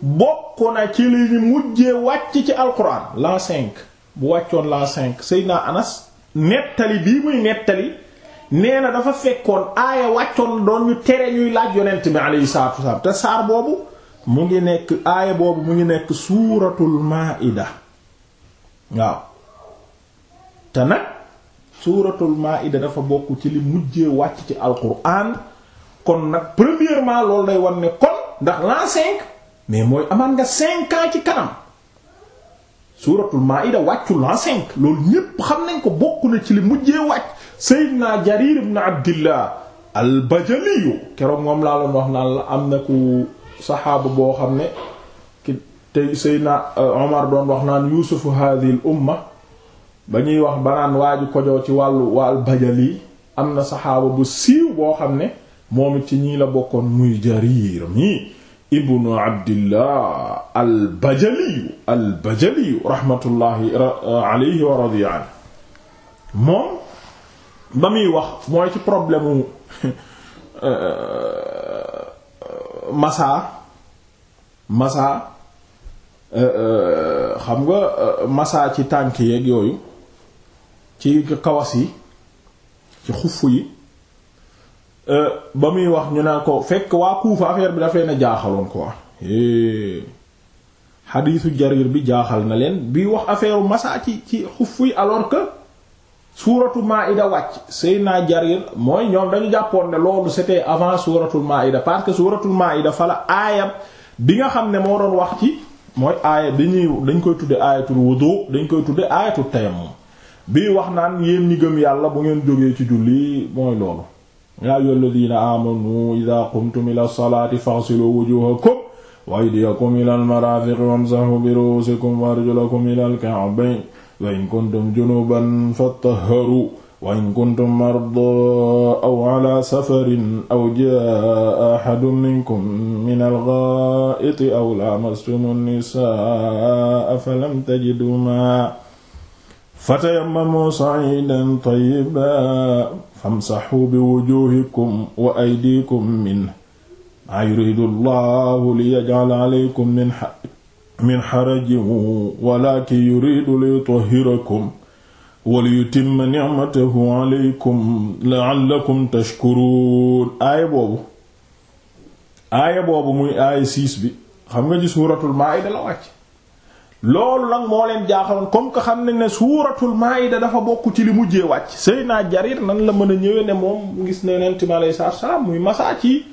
bokk na ci li mujjee wàcc ci alquran la cinq bu wàccoon la cinq Seydina Anas nettali bii muy nettali nee dafa fekkoon aaya wàccoon doon ñu tere ñuy laaj yonent bi alayhi salaatu wasalaam te saar boobu mu ngi nekk aaya boobu mu ngi nekk suuratul maa'ida waaw te nag suuratul maa'ida dafa bokk ci li mujjee wàcc ci alquran kon nag premièrement loolu day wan ne kon ndax l'an cinq mais mooy amaan nga cinq ans ci kanam suuratul maa'ida wàccu l'an cinq loolu ñépp xam nañ ko bokk na ci li mujjee wàcc Seydina Jarir ibn Abdillah al-Bajali keroog moom laa doon wax naan la am na ku saxaaba boo xam ne ki tey Seydina euh, Omar doon wax naan yuusufu hadhihi al umma ba ñuy wax banaan waaju kojoo ci wàllu wàll bajali am na saxaaba bu siiw boo xam ne moom it ci ñi la bokkoon muy jarir mi ibnu abdillah al bajaliyu al bajaliyu rahmatullahi wa radiya anhu moom ba muy wax mooy ci problème mu masaa euh, massa euh, euh, xam nga masaa ci tànk yeeg yooyu ci kawas yi ci xuff yi euh, ba muy wax ñu naan ko fekk waa Kuufa affaire bi daf leen a ko quoi xadiisu Jarir bi jaaxal na leen bi wax affaire massa ci ci xuff yi alors que suuratul Maa'ida wàcc naa Jarir mooy ñoom dañu jàppoon ne loolu c'était avant suuratul Maa'ida parce que suuratul Maa'ida fa la aayam bi nga xam ne moo doon wax ci mooy aaya dañuy dañ koy tudde aayatul wudu dañ koy tudde aayatul tayammum bii wax naan yéen ñi gëm yàlla bu ngeen jógee ci julli mooy loolu yaa ayyuha alladina amanu ida qumtum ila salaati faghsilu wujuhakum wa aydiyakum ila almarafiqi wamsahu bi ru'usikum wa arjulakum ila alka'bayn wa in kuntum junuban fatahharu wa in kuntum mardaa aw ala safarin aw jaa ahadun minkum min algha'iti aw lamastum an-nisaa falam tajidu maa fatayammamu sa'idan tayyiban famsahu biwujuhikum wa aydikum minhu maa yuridu Allahu liyaj'ala 'alaykum min min harajin walaakin yuridu liyutahhirakum wa liyutimma ni'matahu 'alaykum la'allakum tashkuruun aaya boobu aaya boobu muy aaya siis bi xam nga ci suuratul Maa'ida la wàcc loolu nag moo leen jaaxaloon comme que xam ne ne suuratul maayida dafa bokk ci li mujjee wàcc naa Jarir nan la mën a ñëwee ne moom gis ne yonent mi alayhi salaatu salaam muy masaa ci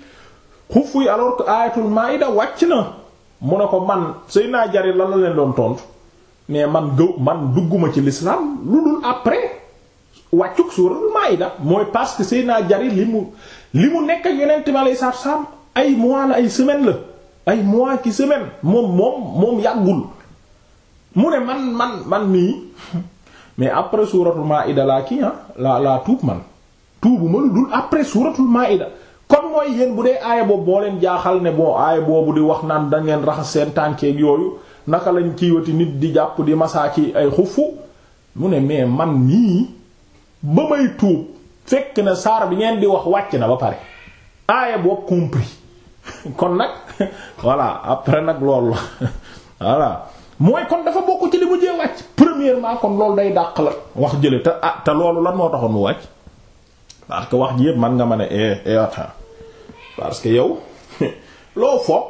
xuf yi alors que aayatul maayida wàcc na mu ne ko man Seydina naa lan la leen doon tontu mais man gëw man dugguma ci l'islam lu dul après wàccuk suuratul maayida mooy parce que naa Jarir li mu li mu nekk ak yonent mi alayhi salaatu salaam ay mois la ay semaine la ay mois ci semaine moom moom moom mu ne man man man mii mais après suuratul maida laa kii ah laa laa tuub man tuubu ma lu dul après suuratul maida kon mooy yéen bu dee aaya boobu boo leen jaaxal ne boo aaya boobu di wax naan da ngeen raxas seen tànkeeg yooyu naka lañ ci wati nit di jàpp di masaa ci ay xufu mu ne mais man mii ba may tuub fekk na saar bi ngeen di wax wàcc na ba pare aaya boo compris kon nag voilà après nag loolu la voilà mooy kon dafa bokk ci li mujjee wàcc premièrement kon loolu day dàq la wax jële te ah te loolu lan moo taxoon mu wàcc parce que wax ji yëpp man nga ma ne eh, eh parce que yow loo foog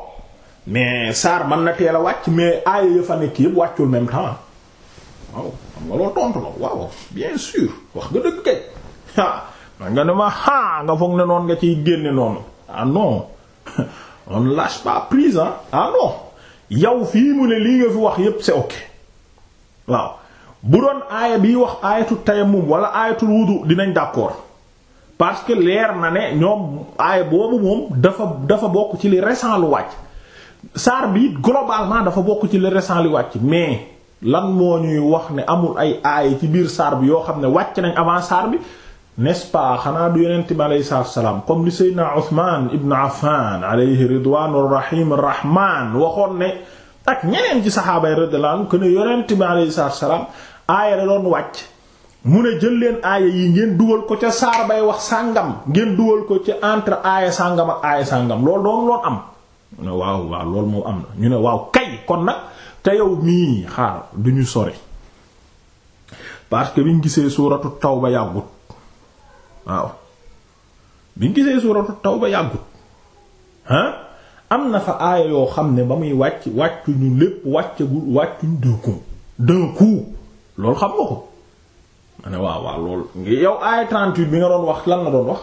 mais saar man na teel a wàcc mais aaya ya fa nekk yëpp wàccul même temps waaw xam nga loolu tontu la waaw bien sûr wax nga dëgg kay man nga ne ma ah nga foog ne noonu nga ciy génne noonu ah non on lâche pas prise ah yow fii mu ne lii nga fi wax yépp c'est ok waaw bu doon aaya bi wax aayatu tayammum wala aayatul wudu dinañ d'accord parce que leer na ne ñoom aaya boobu moom dafa dafa bokk ci li récent lu wàcc saar bi it globalement dafa bokk ci li récent li wàcc mais lan moo ñuy wax ne amul ay aaya ci biir saar bi yoo xam ne wàcc nañ avant saar bi n'est-ce pas xanaa du yonent bi aleyhi salaatu wa salaam comme li Seydina Ousmane Ibn Affan aleyhi ridwaanu rahim rahmaan waxoon ne ak ñeneen ci saxaabay radiyallaahu anhum ne yonent bi aleyhi salaatu wa aaya da doon wàcc mu ne jël leen aaya yi ngeen dugal ko ca saar wax sàngam ngeen dugal ko ca entre aaya sàngam ak aaya sàngam loolu doon loon am. ñu ne waaw waaw loolu moom am na ñu ne waaw kay kon nag te yow mii xaar du ñu sori parce que biñ gisee suuratu Tawba yàggut. waaw biñ gisee suuratu tawba yàggut ah am na fa aaya yoo xam ne ba muy wàcc wàccuñu lépp wàccagul wàccuñ dëkku dëkku loolu xam nga ko ma ne waaw waaw loolu ngi yow aaya 38 bi nga doon wax lan la doon wax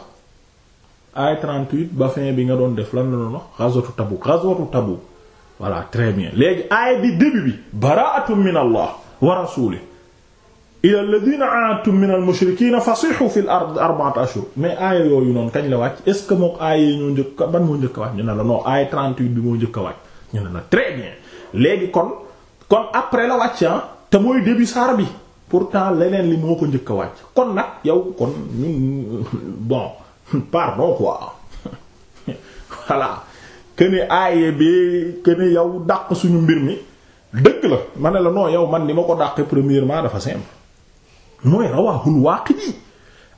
aaya 38 ba fin bi nga doon def lan la doon wax ghazwatu très bien léegi aaya bi début bi bara'atun ila alladhina aatum min al mushrikiina fasihu fil ard arba'ata ashhur mais aaya yooyu noonu kañ la wàcc est ce que mook aaya yi ñoo njëkk ban moo njëkk a wàcc ñu ne la non aaya 38 bi moo njëkk a wàcc ñu ne la très bien léegi kon kon après la wàcc ah, te mooy début saar bi pourtant leneen li moo ko njëkk a wàcc kon nag yow kon ñun bon pardon quoi voilà que ne aaya bi que ne yow dàq suñu mbir mi dëkk la ma ne la non yow man ni ma ko dàqee premièrement dafa simple. mooy rawaahul waaqidi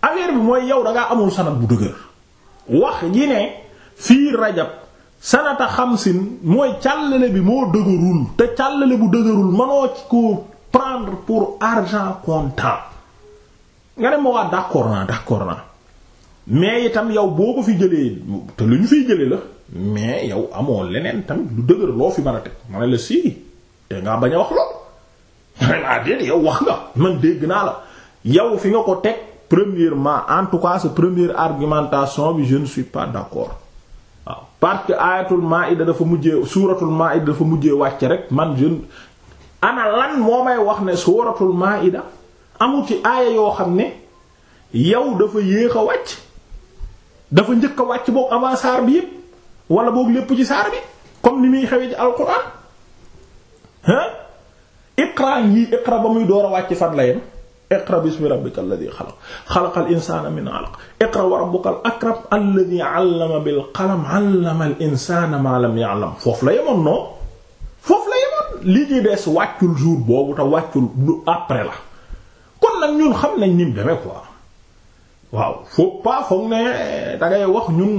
affaire bi mooy yow dangaa amul sanad bu dëgër wax ji ne fii rajab sanata xamsin mooy càllale bi moo dëgërul te càllale bu dëgërul mënoo ci ko prendre pour argent comptant nga ne ma waa d'accord naa d'accord naa mais itam yow boo ko fi jëlee te lu ñu fiy jëlee la mais yow amoo leneen tamit lu dëgër loo fi mën a teg bañ a wax loolu. vraiment ah, wax nga man dégg naa la yow fi nga ko teg premièrement en tout cas première argumentation bi jeune ne suis pas d'accord waaw parce que ayatul maida dafa mujjee suuratul maida dafa mujjee wàcc rek man jeune ana lan moo may wax ne suuratul maida amu ci aaya yoo xam ne yow dafa yéex a wàcc dafa njëkk wàcc boog avant saar bi yépp wala boog lépp ci saar bi comme ni muy xewee ci alquran hein iqra yi iqra ba muy door a wàcc fan la iqra bismi rabbika alladhi xalaq xalaqal insaana min alaq iqra wa rabbukal akram alladhi allama bil qalam allama al insaana ma lam ya'lam foofu la yemoon non foofu la yemoon li ci des wàccul jour boobu te wàccul lu après la kon nag ñun xam nañ ni mu demee quoi waaw faut pas foog ne dangay wax ñun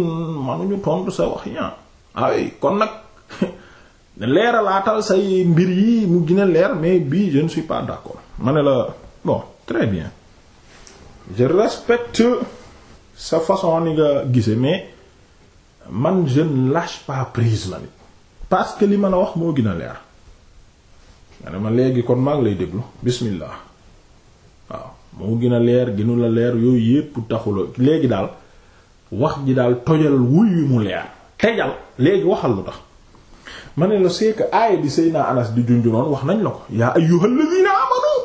manuñu tontu sa wax ñaa ay ah. ah kon nag leeralaatal say mbir yi mu gën a leer mais bii je ne suis pas d'accord ma ne la bon. très bien je respecte sa façon ni nga gise mais man jeune ne lâche prise la nit parce que li man a wax moo gën a leer nga ne ma léegi kon maa ngi lay déglu bismillah waaw moo gën a leer gënu la leer yooyu yépp taxula léegi daal wax ji daal tojal wuy wi mu leer tejal léegi waxal lu tax ma ne la c'est que aaya bi Seydina Anas di junjunoon wax nañ la ko yaa ayyuhal ladina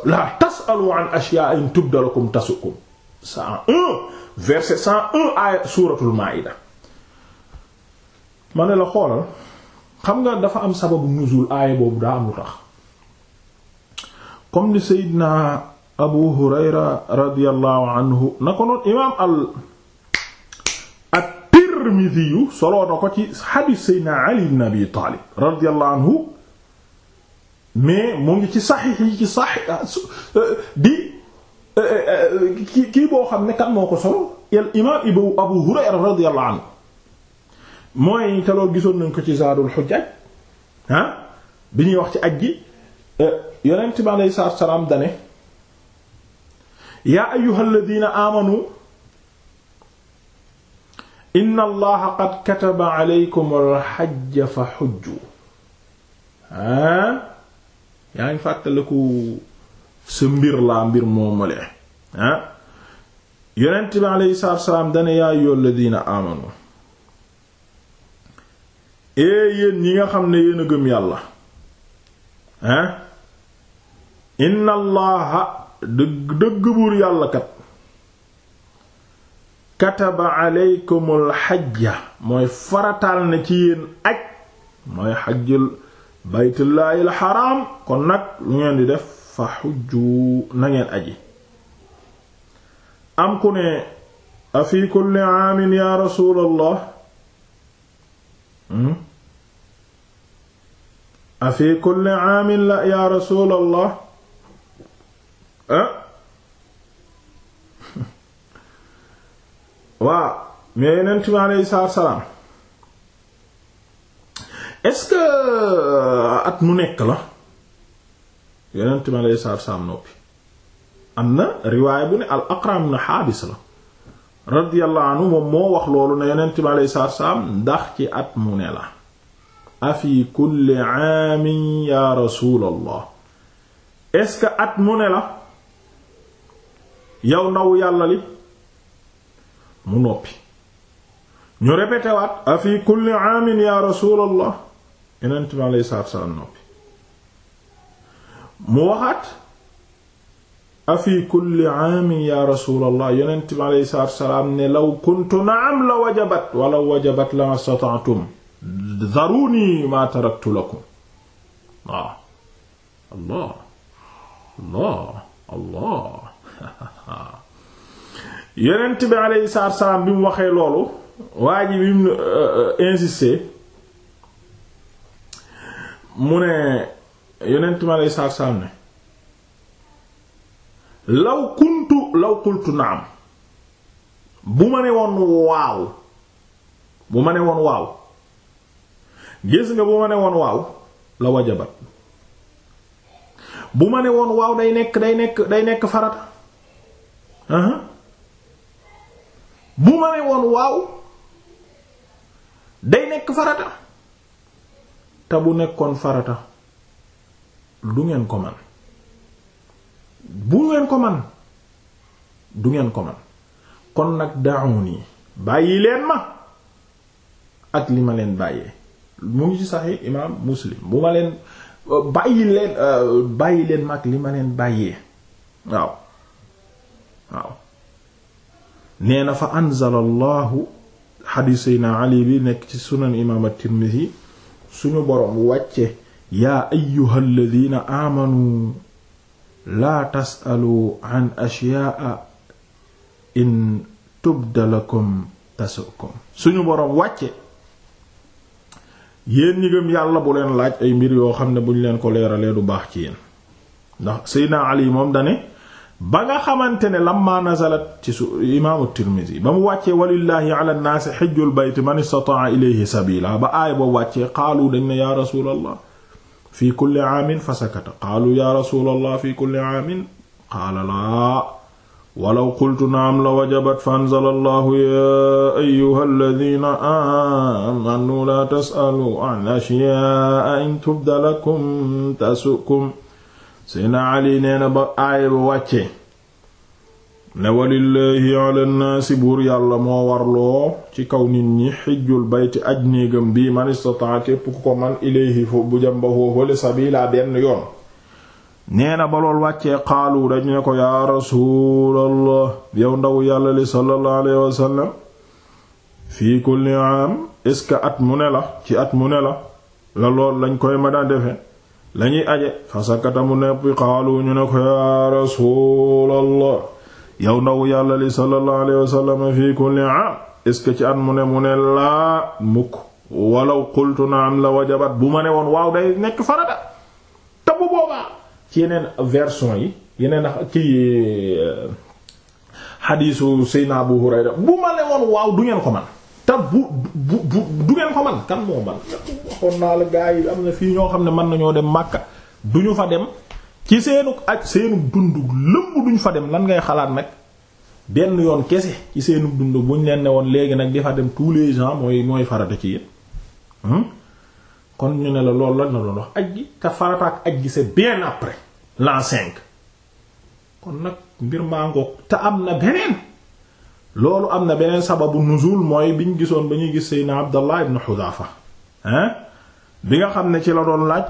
la tasalu an ashya'in tubdalakum tasukum 101 verset 101 aaya suuratul maa'ida ma la xoolal xam nga dafa am sababu nuzul aaya boobu daa am lu tax comme ni Seydina Abu Hurayra radiyallahu anhu na ko noon al at solo na ko ci xadiis Seydina Ali ibn Abi Taalib radiyallahu anhu mais mu ngi ci saxiix ci saxiix ah, euh, di euh, euh, kii boo xam ne kan moo ko solo al imaam Ibou Abu Hurayra radiyallahu anhu mooy te gisoon nañ ko ci Zaadul Xujjaaj ah bi ñuy wax ci aj gi yonent bi aleyhi salaatu wa salaam dane yaa ayyuhal ladiina aamanu inna allaha qad kataba aleykum al hajja fa hujju ah yaa ngi fàttaliku sa mbir laa mbir moomale ah yonent bi aleyhi salaatu dana yaa ayyuhal ladiina aamanu ee eh, yéen ñi nga xam ne yéen gëm yàlla ah inna allaha dëgg dëgg buur yàlla kataba aleykumul xajja mooy farataal na ci yéen aj mooy xajjul la xaraam kon nag lu ngeen di def fa xujju na ngeen aji am ku ne a fi kulli aamin ya rasuulallah hmm? a fi kulli aamin la ya rasuulallah eh? waa mais yonent bi alayhi salaam est-ce que euh, at mu nekk la yonent ma noppi am na riwaay bu ne al aqram na xaabis la radiyallahu moom moo wax loolu ne yonent ndax ci at mu ne la fi kulli aamin ya rasulallah est-ce at mu ne la yow ndaw yàlla li mu noppi ñu répété waat afi kulli aamin ya rasulallah yeneen time alay saar saar noppi mu waxaat afi kulli aamin ya rasulallah yonent bi aleyhi salaatu wasalaam ne law kuntu naam la wajabat wala wajabat lama stata'tum dharuni ma taraktu lakum waaw ah. allah allah allah yonent bi aleyhi salaatu wasalaam bi mu waxee loolu waa ji bi mu euh, euh, insisté mu ne yonent mi aleyhi salaatu salaam ne law kuntu law qultu naam bu ma ne woon waaw bu ma ne woon waaw gis nga bu ma ne woon waaw la wajabat bu ma ne woon waaw day nekk day nekk day nekk farata bu ma ne woon waaw day nekk farata te bu nekkoon farata du ngeen ko man bu ngeen ko man du ngeen ko man kon nag da'uni bàyyi leen ma ak li ma leen bàyyee mu ngi ci saxi imaam muslim bu ma leen euh, bàyyi leen euh, bàyyi leen ma ak li ma leen bàyyee waaw waaw nee na fa anzala allahu xadiis sayna ali bi nekk ci sunan imaam at-tirmidhi suñu borom wàcce yaa ayyuhal ladina amanu laa tasalu an ashyaa in suñu boroom wàcce yéen ñi gëm bu leen laaj ay mbir yoo xam ne buñ leen ko leeralee du baax ci yéen ndax Seydina Ali moom dane ba nga xamante ne lamma nazalat ci su imaamu Tirmizi ba mu wàccee walillahi ala nnaasi xijjul bayt man istataa ilayhi sabila ba aaya ba wàccee qaalu dañ ne yaa rasulallah fi kulli aamin fa sakata qaalu yaa rasulallah fi kulli aamin qaala laa walaw qultu naam la wajabat fa anzala allahu ya ayyuha alladina amanu la tasalu an ashyaa in tubda lakum tasukum seydna ali nee na ba aaya ba wàcce ne walillaahi ala naasi buur yàlla moo warloo ci kaw nit ñi xijjul bayti aj néegam bi man istataa képp ku ko man ilayhi fo bu jamba foofale sabiilaa benn yoon nee na ba lool wàccee xaalu dañu ne ko yaa rasuulallah yow ndaw yàlla li sallallahu alayhi wasallam kulli am est-ce que at mu ne la ci at mu ne la la lool lañ koy mën a defe lañuy aje fasakatamu nepp xaalu ñu ne ko yaa rasuulallah yow ndaw yàlla li sallallahu alayhi fi kulli am est ci at mu ne mu ne laa mukk walaw qultu naam la wajabat bu ma ne woon waaw day nekk farata te boobaa ci yeneen version yi yeneen ci xadiisu eh, Seydina Abu Hurayra bu ma ne woon waaw du ngeen ko man te bu bu bu du ngeen ko man kan moo man waxoon naa la gaa yi am na fii ñoo xam ne mën nañoo dem Makka du ñu fa dem ci seenug aj seenug dund lëmb duñ fa dem lan ngay xalaat nag benn yoon kese ci seenug dund buñ leen ne woon léegi nag di fa dem tous les gens mooy mooy farata ci yéen hmm? kon ñu ne la loolu la na doon wax aj gi te farata ak aj gi c'est bien après l'an cinq kon nag mbir maa ngoog te am na beneen loolu am na beneen sababu nuzul mooy bi ñu gisoon ba ñuy gis Seydina Abdallah ibn Hudhafa bi nga xam ne ci la doon laaj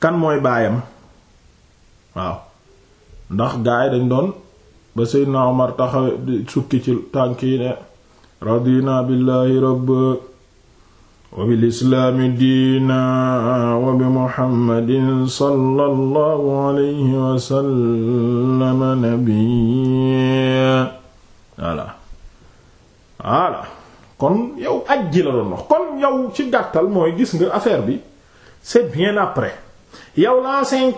kan mooy baayam waaw ndax gaay dañ doon ba Seydina Omar taxaw sukki ci tànk yi na radina billahi wa bil islaami diina wa bi muhammadin sallallahu alayhi wa sallam nabiyya voilà voilà kon yow aj ji la doon wax kon yow ci gàttal mooy gis nga affaire bi c'est bien après yow la cinq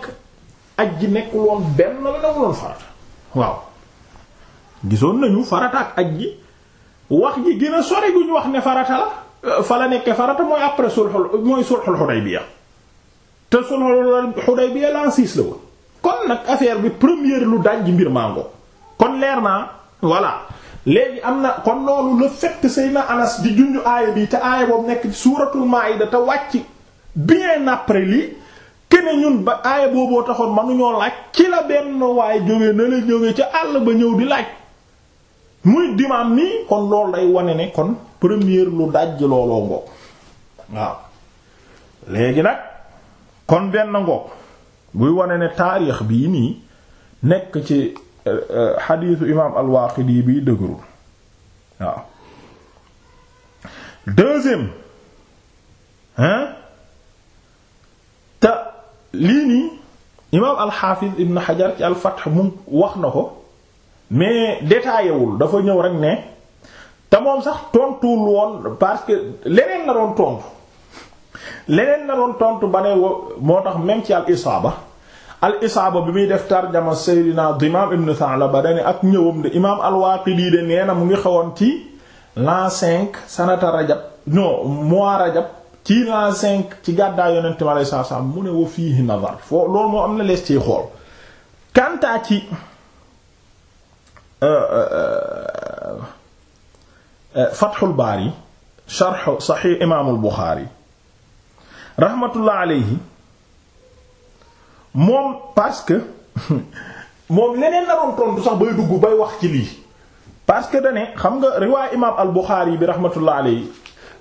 aj ji benn la danga loon farata waaw gisoon nañu farata ak ji wax ji gën a sori gu ñu wax ne farata la euh, fa la nekkee farata mooy après sulhul mooy sulhul Hudaybiya te sulhul Hudaybiya la six la woon kon nag affaire bi première lu daj mbir mango kon leer naa voilà léegi am na kon loolu le fait que Seydina Anas di junj aaya bi te aaya boobu nekk ci suuratul Maa'ida te wàcc bien après lii kene ñun ba aaya booboo taxoon mënuñoo laaj ci la benn waaye jógee na la jógee ca àll ba ñëw di laaj muy dimaam nii kon loolu day wane ne kon première lu dajj looloo ngoog waaw léegi nag kon benn ngoog buy wane ne taarix bii nii nekk ci xadiisu imaam al-Waaqidi bi dëgërul waaw deuxième hein te lii nii imaam al-Xaafiz Ibn Hajar ci al-Fath wax na ko mais détaillé dafa ñëw rek ne te moom sax tontuwul woon parce que leneen la doon tontu leneen la doon tontu ba ne moo tax même ci al-Isaaba al isaaba bi muy def tarjama Seydina Dimaam ibn Tha'laba dane ak ñëwam de imaam al-Waaqidi de nee na mu ngi xawoon ci l'an cinq sanata rajab non mois rajab ci l'an cinq ci gàddaay yonente mi alei mu ne wa fiihi nazar foo loolu moo am na lees ciy xool kantaa ci euh, euh, euh, Fathul Baari sharh Sahih imaamul Buxaari rahmatullah alayhi moom parce que moom leneen la doon tontu sax bay dugg bay wax ci lii parce que dane xam nga riwaay imaam al-Bukhari bi rahmatullah alayhi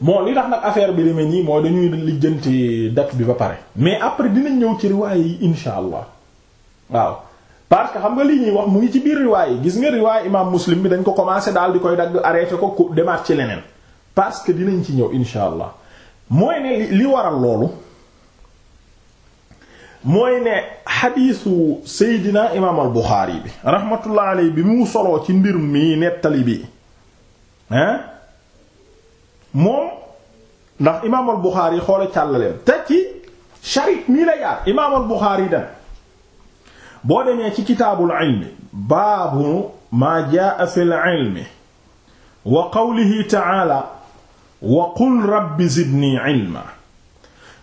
moom li tax nag affaire bi demee nii mooy dañuy lijjanti date bi ba pare mais après dinañ ñëw ci riwaay yi insha allah waaw parce que xam nga lii ñuy wax mu ngi ci biir riwaay yi gis nga riwaay imaam muslim bi dañ ko commencé daal di koy dagg arrêté ko ku demaat ci leneen parce que dinañ ci ñëw insha allah mooy ne li waral loolu. mooy ne xadiisu seydina imaam al bi raxmatullah aley bi mu soloo ci mbir mi nettali bi hein moom ndax imaam al buxaari xoole càllaleen te ci sharit mii yaar imaam al buxaari dem boo demee ci kitaabul ilmi baabu maa jaa fi l wa qul rabbi zidni ilma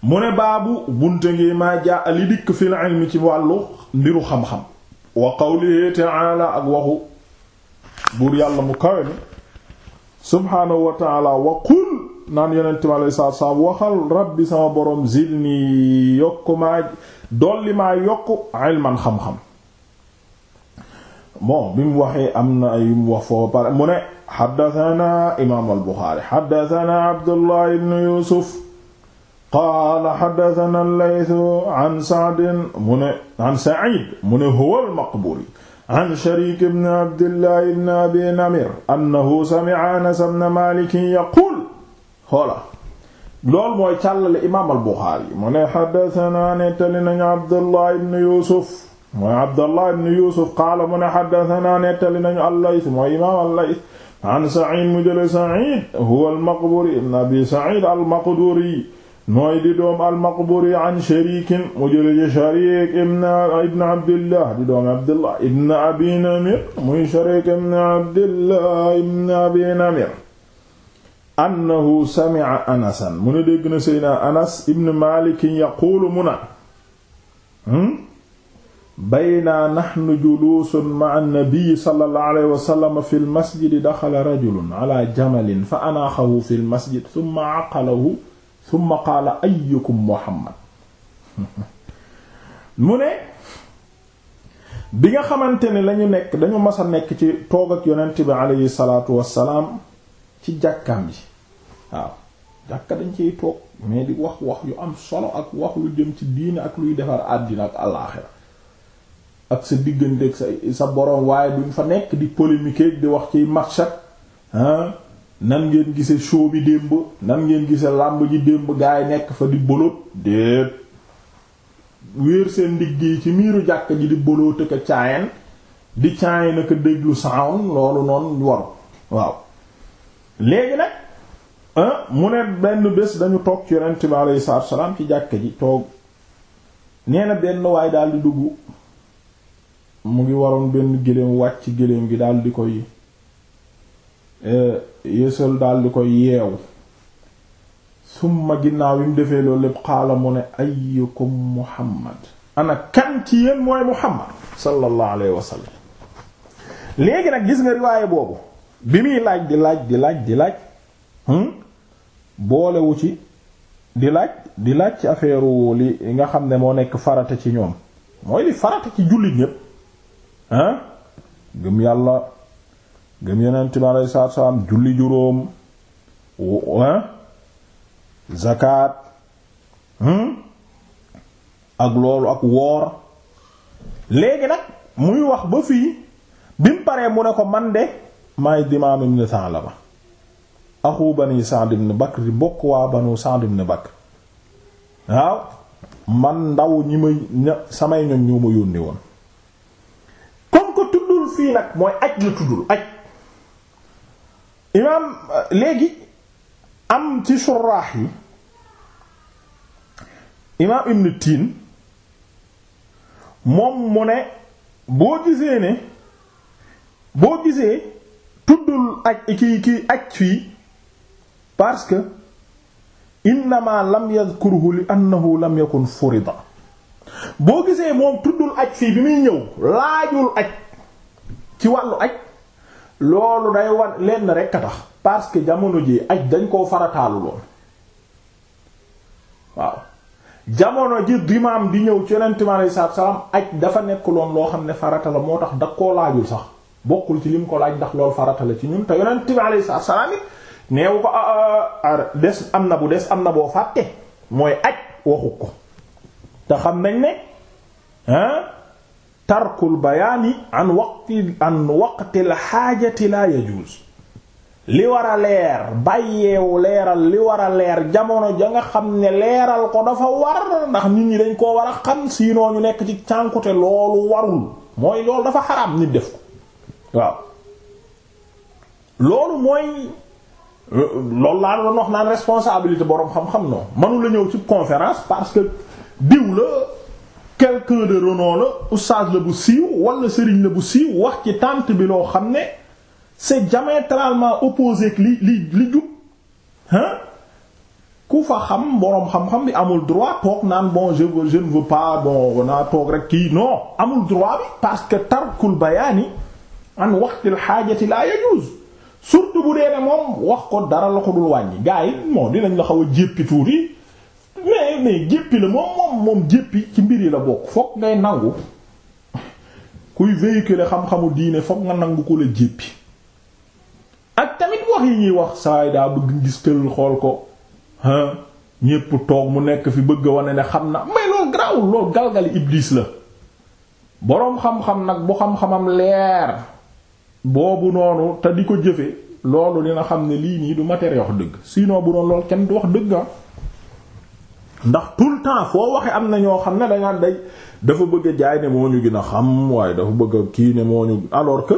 mu ne baabu bunte ngi maa jaa li dikk fil ilmi ci wàllu mbiru xam-xam wa qawlihi ta'ala ak waxu buur yàlla mu kawe ni subhaanahu wa waxal rabbi sama borom zidni yokk maa dolli maa yokk ilman xam-xam bon bi mu waxee am na ay mu wax foofu pare mu ne xaddatanaa imaam al Buxaari xaddatanaa Abdullah Yuusuf qaala xaddatana allaytu an saadin mu ne an said mu ne huwa almaqburi an sharik ibn abdillah ibn abi namir annahu sami'a anas ibn malik yaqul xoola loolu mooy càllale imaam albuxaari mu ne xaddatana nettali nañu abdullah ibn yusuf mooy abdullah ibn yusuf qaala mu ne xaddatana nettali nañu allaytu mooy imaam allaytu an said mu jële said huwa almaqburi ibn abi said almaqduri mooy di doom al-Maqburi an Shariikin mu jële ci Shariik ibn ibn Abdillah di doom Abdillah ibn Abi Namir muy Shariik ibn Abdillah ibn Abi Namir annahu sami'a Anasan mu ne dégg na Seydina Anas ibn Maalik yaquulu mu na hmm? baynaa nahnu juluusun ma'a an-nabiyyi sallallahu alayhi wa sallam fil masjidi daxala rajulun ala jamalin fa anaaxahu fil masjid thumma aqalahu summa qaala ayyukum muhammad mu ne bi nga xamante ni lañu nekk dañu mas a nekk ci toog ak yonent bi aleyhi salaatu wassalaam ci jàkkaam ji waaw jàkka dañ ciy toog mais di wax wax yu am solo ak wax lu jëm ci diine ak luy defar àddina ak àllaaxira ak sa diggante ak sa borom boroom waaye duñ fa nekk di polémique di wax ci marchat hein nan ngeen gise show bi démb nan ngeen gise làmb ji démb gaa yi nekk fa di boloot déet wéer seen ndigg yi ci miiru jàkk ji di boloot ka caayen di caayen aka déglu sound loolu noonu waru waaw léegi nag ah, mu ne benn bés dañu toog ci yonent bi alayhi salaatu salaam ci jàkk ji toog nee na benn waay daal di dugg mu ngi waroon benn gëléem wàcc gëléem gi daal di koy Eh, yësal di koy yeewu summa ginnaaw bi mu defee loolu lépp xaala mu ne ayyukum muhammad ana kan ci yéen mooy muhammad sallallahu alayhi wa sallam léegi nag gis nga riwaaye boobu bi muy laaj di laaj di laaj di laaj hmm? boolewu ci di laaj di laaj ci affaire li nga xam ne moo nekk farata ci ñoom mooy li farata ci jullit ñépp ah gëm yàlla gëm yonent bi aleyhi salaatu salaam julli juróom zakat ak loolu ak woor léegi nag muy wax ba fii bi mu paree mu ne ko man de maay Dimaam ibn Sa'laba axu bani Sa'd ibn Bakr di bokk waa banu Sa'd ibn Bakr waaw man ndaw ñi may samay ñoñ ñoo ma yónni woon comme que tuddul fii nag mooy aj la tuddul aj imaam euh, léegi am ci suraax yi imaam ibn tiin moom mu ne boo gisee ne boo gisee tuddul aj ki ki aj fii parce que innama lam yadhkuruhu li annahu lam yakun furida boo gisee moom tuddul aj fii bi muy ñëw laajul aj ci wàllu aj loolu day wan lenn rekk a tax parce jamono ji aj dañ koo farataalu loon waaw jamono ji dimaam di ñëw ci yonent mi alayhi salaatu salaam aj dafa nekk loon loo xam ne farata la moo tax dag koo laajul sax bokkul ci lim ko laaj ndax loolu farata la ci ñun te yonent mi alayhi salaatu salaam neewu ko ah, ah, ah, des am na bu des am na boo fàtte mooy aj waxu ko te xam nañ ne hein tarkul bayaani an waqti an waqtil xaajati laa yajuuz li war a leer bàyyeewu leeral li war a leer jamono ja nga xam ne leeral ko dafa war ndax nit ñi dañ koo war a xam sinon ñu nekk ci cànkute loolu warul mooy loolu dafa xaraam nit def loolu mooy loolu laa wax naan responsabilité boroom xam-xam non manu ñëw ci conférence parce que diw quelqu'un de renom la oustaz la bu siiw wala sëriñ la bu siiw wax ci tànt bi loo xam ne c'est diamétralement opposé ak li li li jub hein ku fa xam boroom xam-xam bi amul droit toog naan bon je je ne veux pas bon naa toog rek kii non amul droit bi parce que tarkul bayaani an waqtil xaajati la yajuz surtout bu dee ne moom wax ko dara la dul wàññi gars yi moo dinañ la xaw a jéppi tuuti mais mais jéppi la moom moom moom jéppi ci mbir yi la bokk fokk ngay nangu kuy véhiculer xam-xamu diine fokk nga nangu ko la jéppi ak tamit wax yi ñuy wax saay daa bëgg gis tël xool ko ah ñépp toog mu nekk fi bëgg a wane ne xam na mais loolu garaawul loolu galgali iblis la boroom xam-xam nag bu xam-xamam leer boobu noonu te di ko jëfe loolu dina xam ne lii nii du matériel wax dëgg sinon bu doon lool kenn du wax dëgg ah ndax tout le temps foo waxe am na ñoo xam ne dangaan day dafa bëgg a jaay ne moo ñu gën xam waaye dafa bëgg a kii ne moo ñu alors que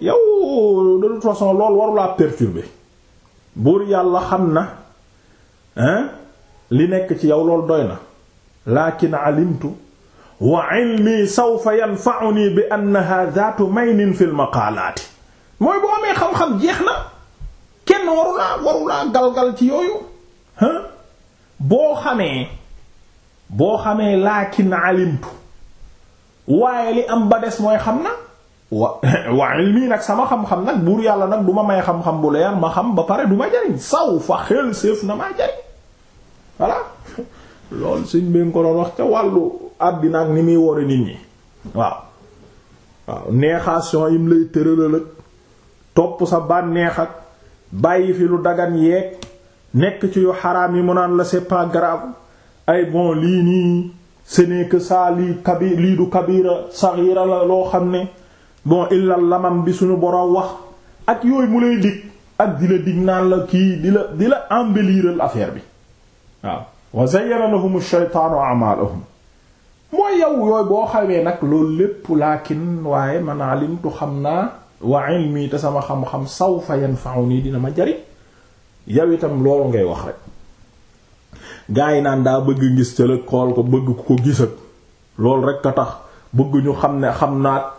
yow de toute façon loolu waru laa perturber buur yàlla xam na hein li nekk ci yow lool doy na lakin alimtu wa ilmi sawfa yanfa'uni bi annaha dhatu maynin fil maqalaati mooy boo amee xam-xam jeex na kenn waru laa galgal ci yooyu boo xamee boo xamee laakin alimtu waaye li am ba des mooy xam na wa wa ilmi nag sama xam-xam nag buur yàlla nag du ma may xam-xam bu leer ma xam ba pare du ma jariñ saw fa xel séef na maa jariñ voilà loolu suñ benn ko doon wax ca wàllu àddina ak ni muy wori nit ñi waaw waaw neexation yim lay tëralal ak topp sa bànneex ak bàyyi fi lu dagan yeeg nekk ci yu xaraam yi mu naan la c'est pas grave ay bon lii nii ce n'est que lii kabi lii du kabira saghira loo xam ne bon illal lamam bi suñu borom wax ak yooyu mu lay dig ak di la dig naan la kii di la di la embelliral affaire bi waaw wa zayyana lahum ash-shaytaanu a'maalahum mooy yow nag loolu lépp laakin waaye man alimtu xam naa wa ilmi te sama xam-xam sawfa yanfa'uni dina ma jariñ yaw itam loolu ngay wax rek gaa yi naan daa bëgg gis cëlëg kool ko bëgg ko gis lool rekk a tax bëgg xam ne xam naat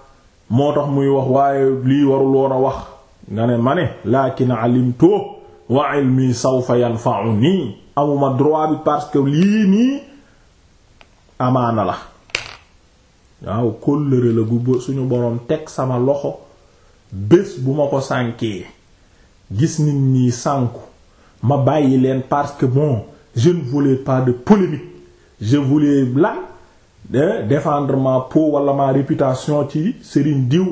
moo tax muy wax waaye lii warul woon a wax nga ne ma ne laakin alimtu wa ilmi sawfa yanfa'uni amuma droit bi parce que lii nii amaana la waaw kóllëre la gu suñu boroom teg sama loxo bés bu ma ko sankee gis nit ñi sànku ma bàyyi leen parce que bon je ne voulais pas de polémique je voulais lan de défendre ma wala ma réputation ci Serigne diw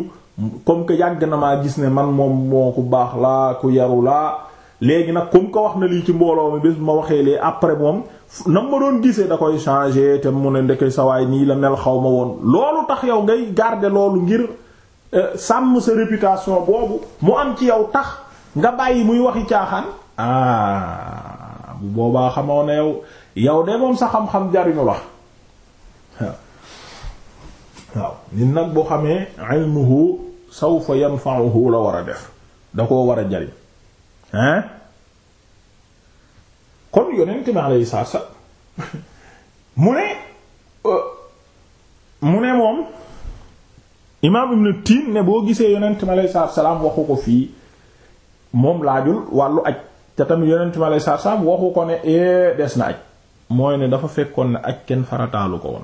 comme que yàgg na maa gis ne man moom moo ku baax laa ku yaru laa léegi nag comme que wax na lii ci mbooloo mi bés ma waxee lee après moom na nam ma doon gisee da koy changer te mu ne ndeke sawaay nii la mel xaw ma woon loolu tax yow ngay garder loolu ngir euh, sàmm sa réputation boobu mu am ci yow tax nga bàyyi muy waxi caaxaan ah bu boobaa xamoo ne yow yow de moom sa xam-xam jariñu la waaw nit nag boo xamee ilmuhu sawfa yanfa'uhu la war a def da koo war a jariñ hein kon yonent mi alayhi salaatu mu ne euh, mu ne moom imaam Ibn Tin ne boo gisee yonent mi alayhi salaatu wa salaam waxu ko fii moom laajul wàllu aj ca tamit yonent waxu ko ne e des na aj mooy ne dafa fekkoon ne aj kenn farataalu ko woon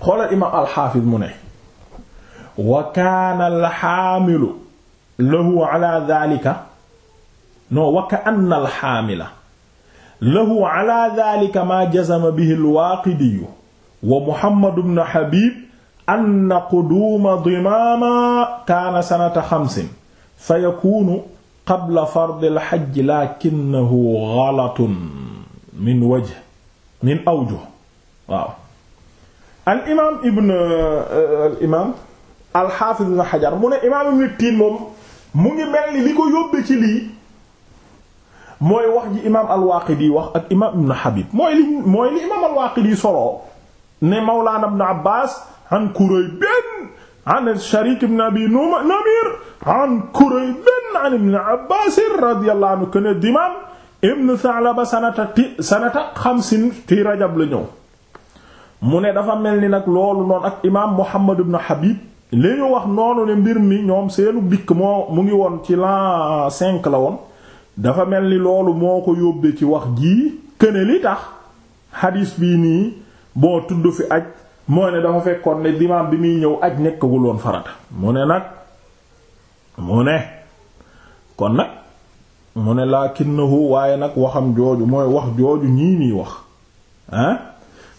xoolal imaam alxaafis mu ne wa kaana alxaamilu lahu ala dhalika non wa bihi alwaaqidiyu wa muhammadu bnu habib anna quduuma dimaama kaana sanata xamsin fa yakunu qabla fardil xajj lakinnahu galatun min wajh min awjuh waaw al imaam ibn euh, al imaam al xaafiz ibn xajar mu ne imaam ibn tiin moom mu ngi mel ni li ko yóbbee ci lii mooy wax ji imaam al waaqidi wax ak imaam ibn xabib mooy li mooy li imaam al waaqidi soloo ne mawlaana ibn abbaas an kurayb benn an Sharik ibn Abi Namir an Kurayb an ibn Abbas radiyallahu anhu kana Dimaam ibn Tha'laba sanata xamsin fi Rajab la ñëw mu ne dafa mel ni nag loolu noonu ak imaam Muhammad ibn Habib li ñu wax noonu ne mbir mi ñoom seenu dikk moo mu ngi woon ci l'an cinq la woon dafa mel ni loolu moo ko yóbbee ci wax jii këne li tax xadiis bii nii boo tudd fi aj mooy ne dafa fekkoon ne dimaam bi muy ñëw ak nekkagul woon farata mu ne nag mu ne kon nag mu ne lakinnahu waaye nag waxam jooju mooy wax jooju ñii nii wax ah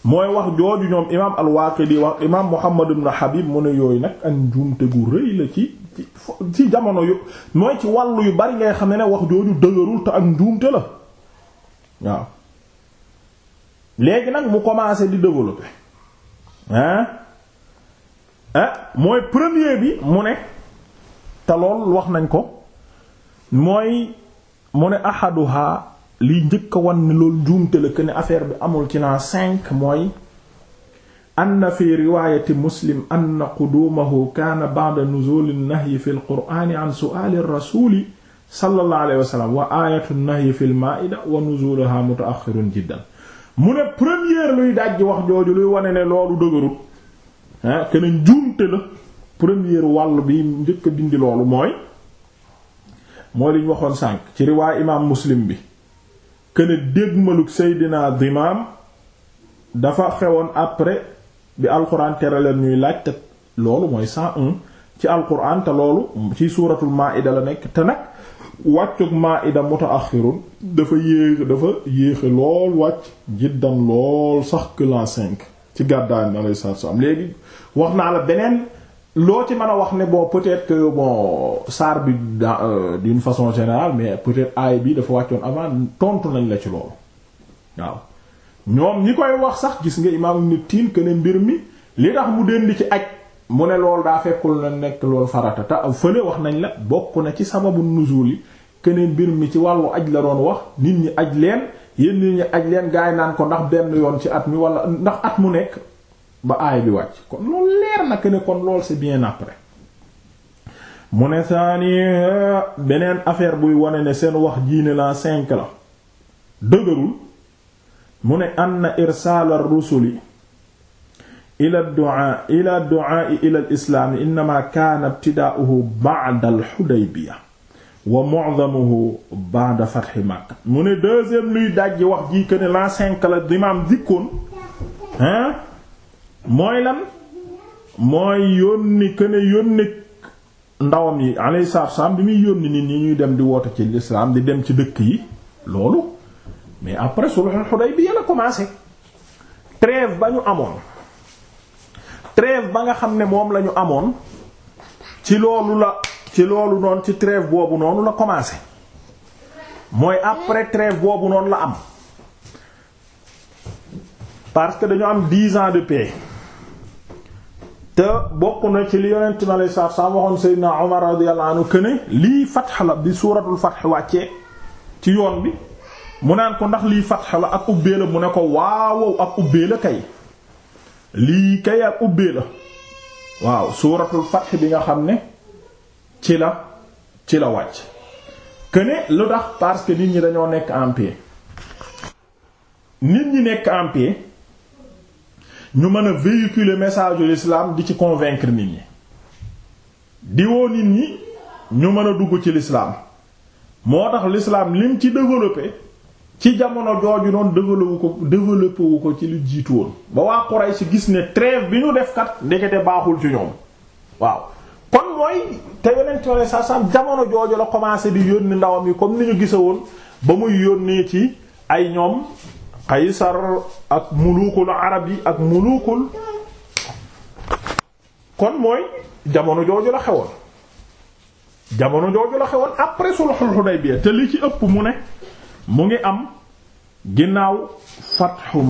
mooy wax jooju ñoom imaam al-Waaqidi wax imaam Muhammad ibn Habib mu ne yooyu nag ak njuumte gu rëy la ci ci jamono yu mooy ci wàllu yu bari ngay xam ne ne wax jooju dëgërul te ak njuumte la waaw léegi nag mu commencé di développer ah mooy premier bi mu ne te lool wax nañ ko mooy mu ne ahaduha li njëkk wan ne loolu juumte la que ne affaire bi amul ci naa cinq mooy an fi riwaayati muslim anna quduumahu kaana ba'da nuzuuli nahyi fi alqur'aani an su'aali rasuuli sallallahu alayhi wa sallam wa aayatu nahyi fi al-maa'ida wa nuzuuluhaa muta'axxirun jiddan mu ne première luy dajj wax jooju luy wane ne loolu dëgërut ah keneen njuumte la première wàll bi njëkk a dindi loolu mooy mooy li waxoon sànq ci riwaay imaam muslim bi kën këne dégmalug Seydina maam dafa xewoon après bi alquran tere leen ñuy laaj te loolu mooy 101 ci alquran te loolu ci suuratul Maa'ida la nekk te nag ida wàccug maa'ida mutaaxirun dafa yéex dafa yéexe lool wàcc jiddan lool sax que cinq ci gàddaay alayhi salaam léegi wax naa la beneen loo ci mën a wax ne bon peut-être que bon saar bi euh, d'une façon général mais peut-être aay bi dafa wàccoon avant tontu nañ la ci loolu waaw ñoom ñi koy wax sax gis nga imaam Ibn Tiin que ne mbir mi li tax mu dënd ci aj mu ne lool daa fekkul na nekk loolu farata te fële wax nañ la bokk na ci sababu nuzul yi keneen mbir mi ci wàllu aj la doon wax nit ñi aj leen yéen ñi aj leen gaay naan ko ndax benn yoon ci at mi wala ndax at mu nekk ba aay bi wàcc kon loolu leer na ne kon loolu c'est bien après mu ne saani beneen affaire buy wane ne seen wax jiine la cinq la dëgërul mu ne anna irsaal ar-rusuli ila du'a ila du'a ila al-islaam innama kaana ibtidaa'uhu ba'da al-Hudaybiya wa mu'dhamuhu ba'da fathi Makka mu ne deuxième luy dajji wax jii que ne l'an la dimaam dikkoon hein mooy lan mooy yónni que ne ndawam yi alayhi salaatu bi muy yónni nit ñi ñuy dem di woote ci lislaam di dem ci dëkk yi loolu mais après sulhul Hudaybiya la commencé trêve ba ñu amoon. trêve ba nga xam ne moom lañu amoon ci loolu la ci loolu noonu ci trêve boobu noonu la commencé mooy après trêve boobu noonu la am parce que dañu am dix ans de paix te bokk na ci li yonent mi alayhi salaatu salaam waxoon Seydina Omar radiyallahu anhu këne lii fatx la bi suuratul fatx wàcce ci yoon bi mu naan ko ndax lii fatx la ak ubbee la mu ne ko waawow ak ubbee la kay lii kay ak la waaw suuratul fath bi nga xam ne ci la ci la wàcc que ne lu tax parce que nit ñi dañoo nekk en nit ñi nekk en ñu mën a véhiculer message de l'islam di ci convaincre nit ñi di woo nit ñi ñu mën a dugg ci lislaam moo tax l'islam lim ci développer ci jamono jooju noonu développé wu ko développé wu ko ci lu jiitu woon ba waa Quraysh gis ne trêve bi ñu def kat ndekete baaxul ci ñoom waaw kon mooy te yonent bi saa saa jamono jooju la commencé di yónni ndawam yi comme ni ñu gisa woon ba muy yónnee ci ay ñoom Qaysar ak mulukul arab yi ak mulukul kon mooy jamono jooju la xewoon jamono jooju la xewoon après sulhul Hudaybiya te li ci ëpp mu ne. mu ngi am ginnaaw fathu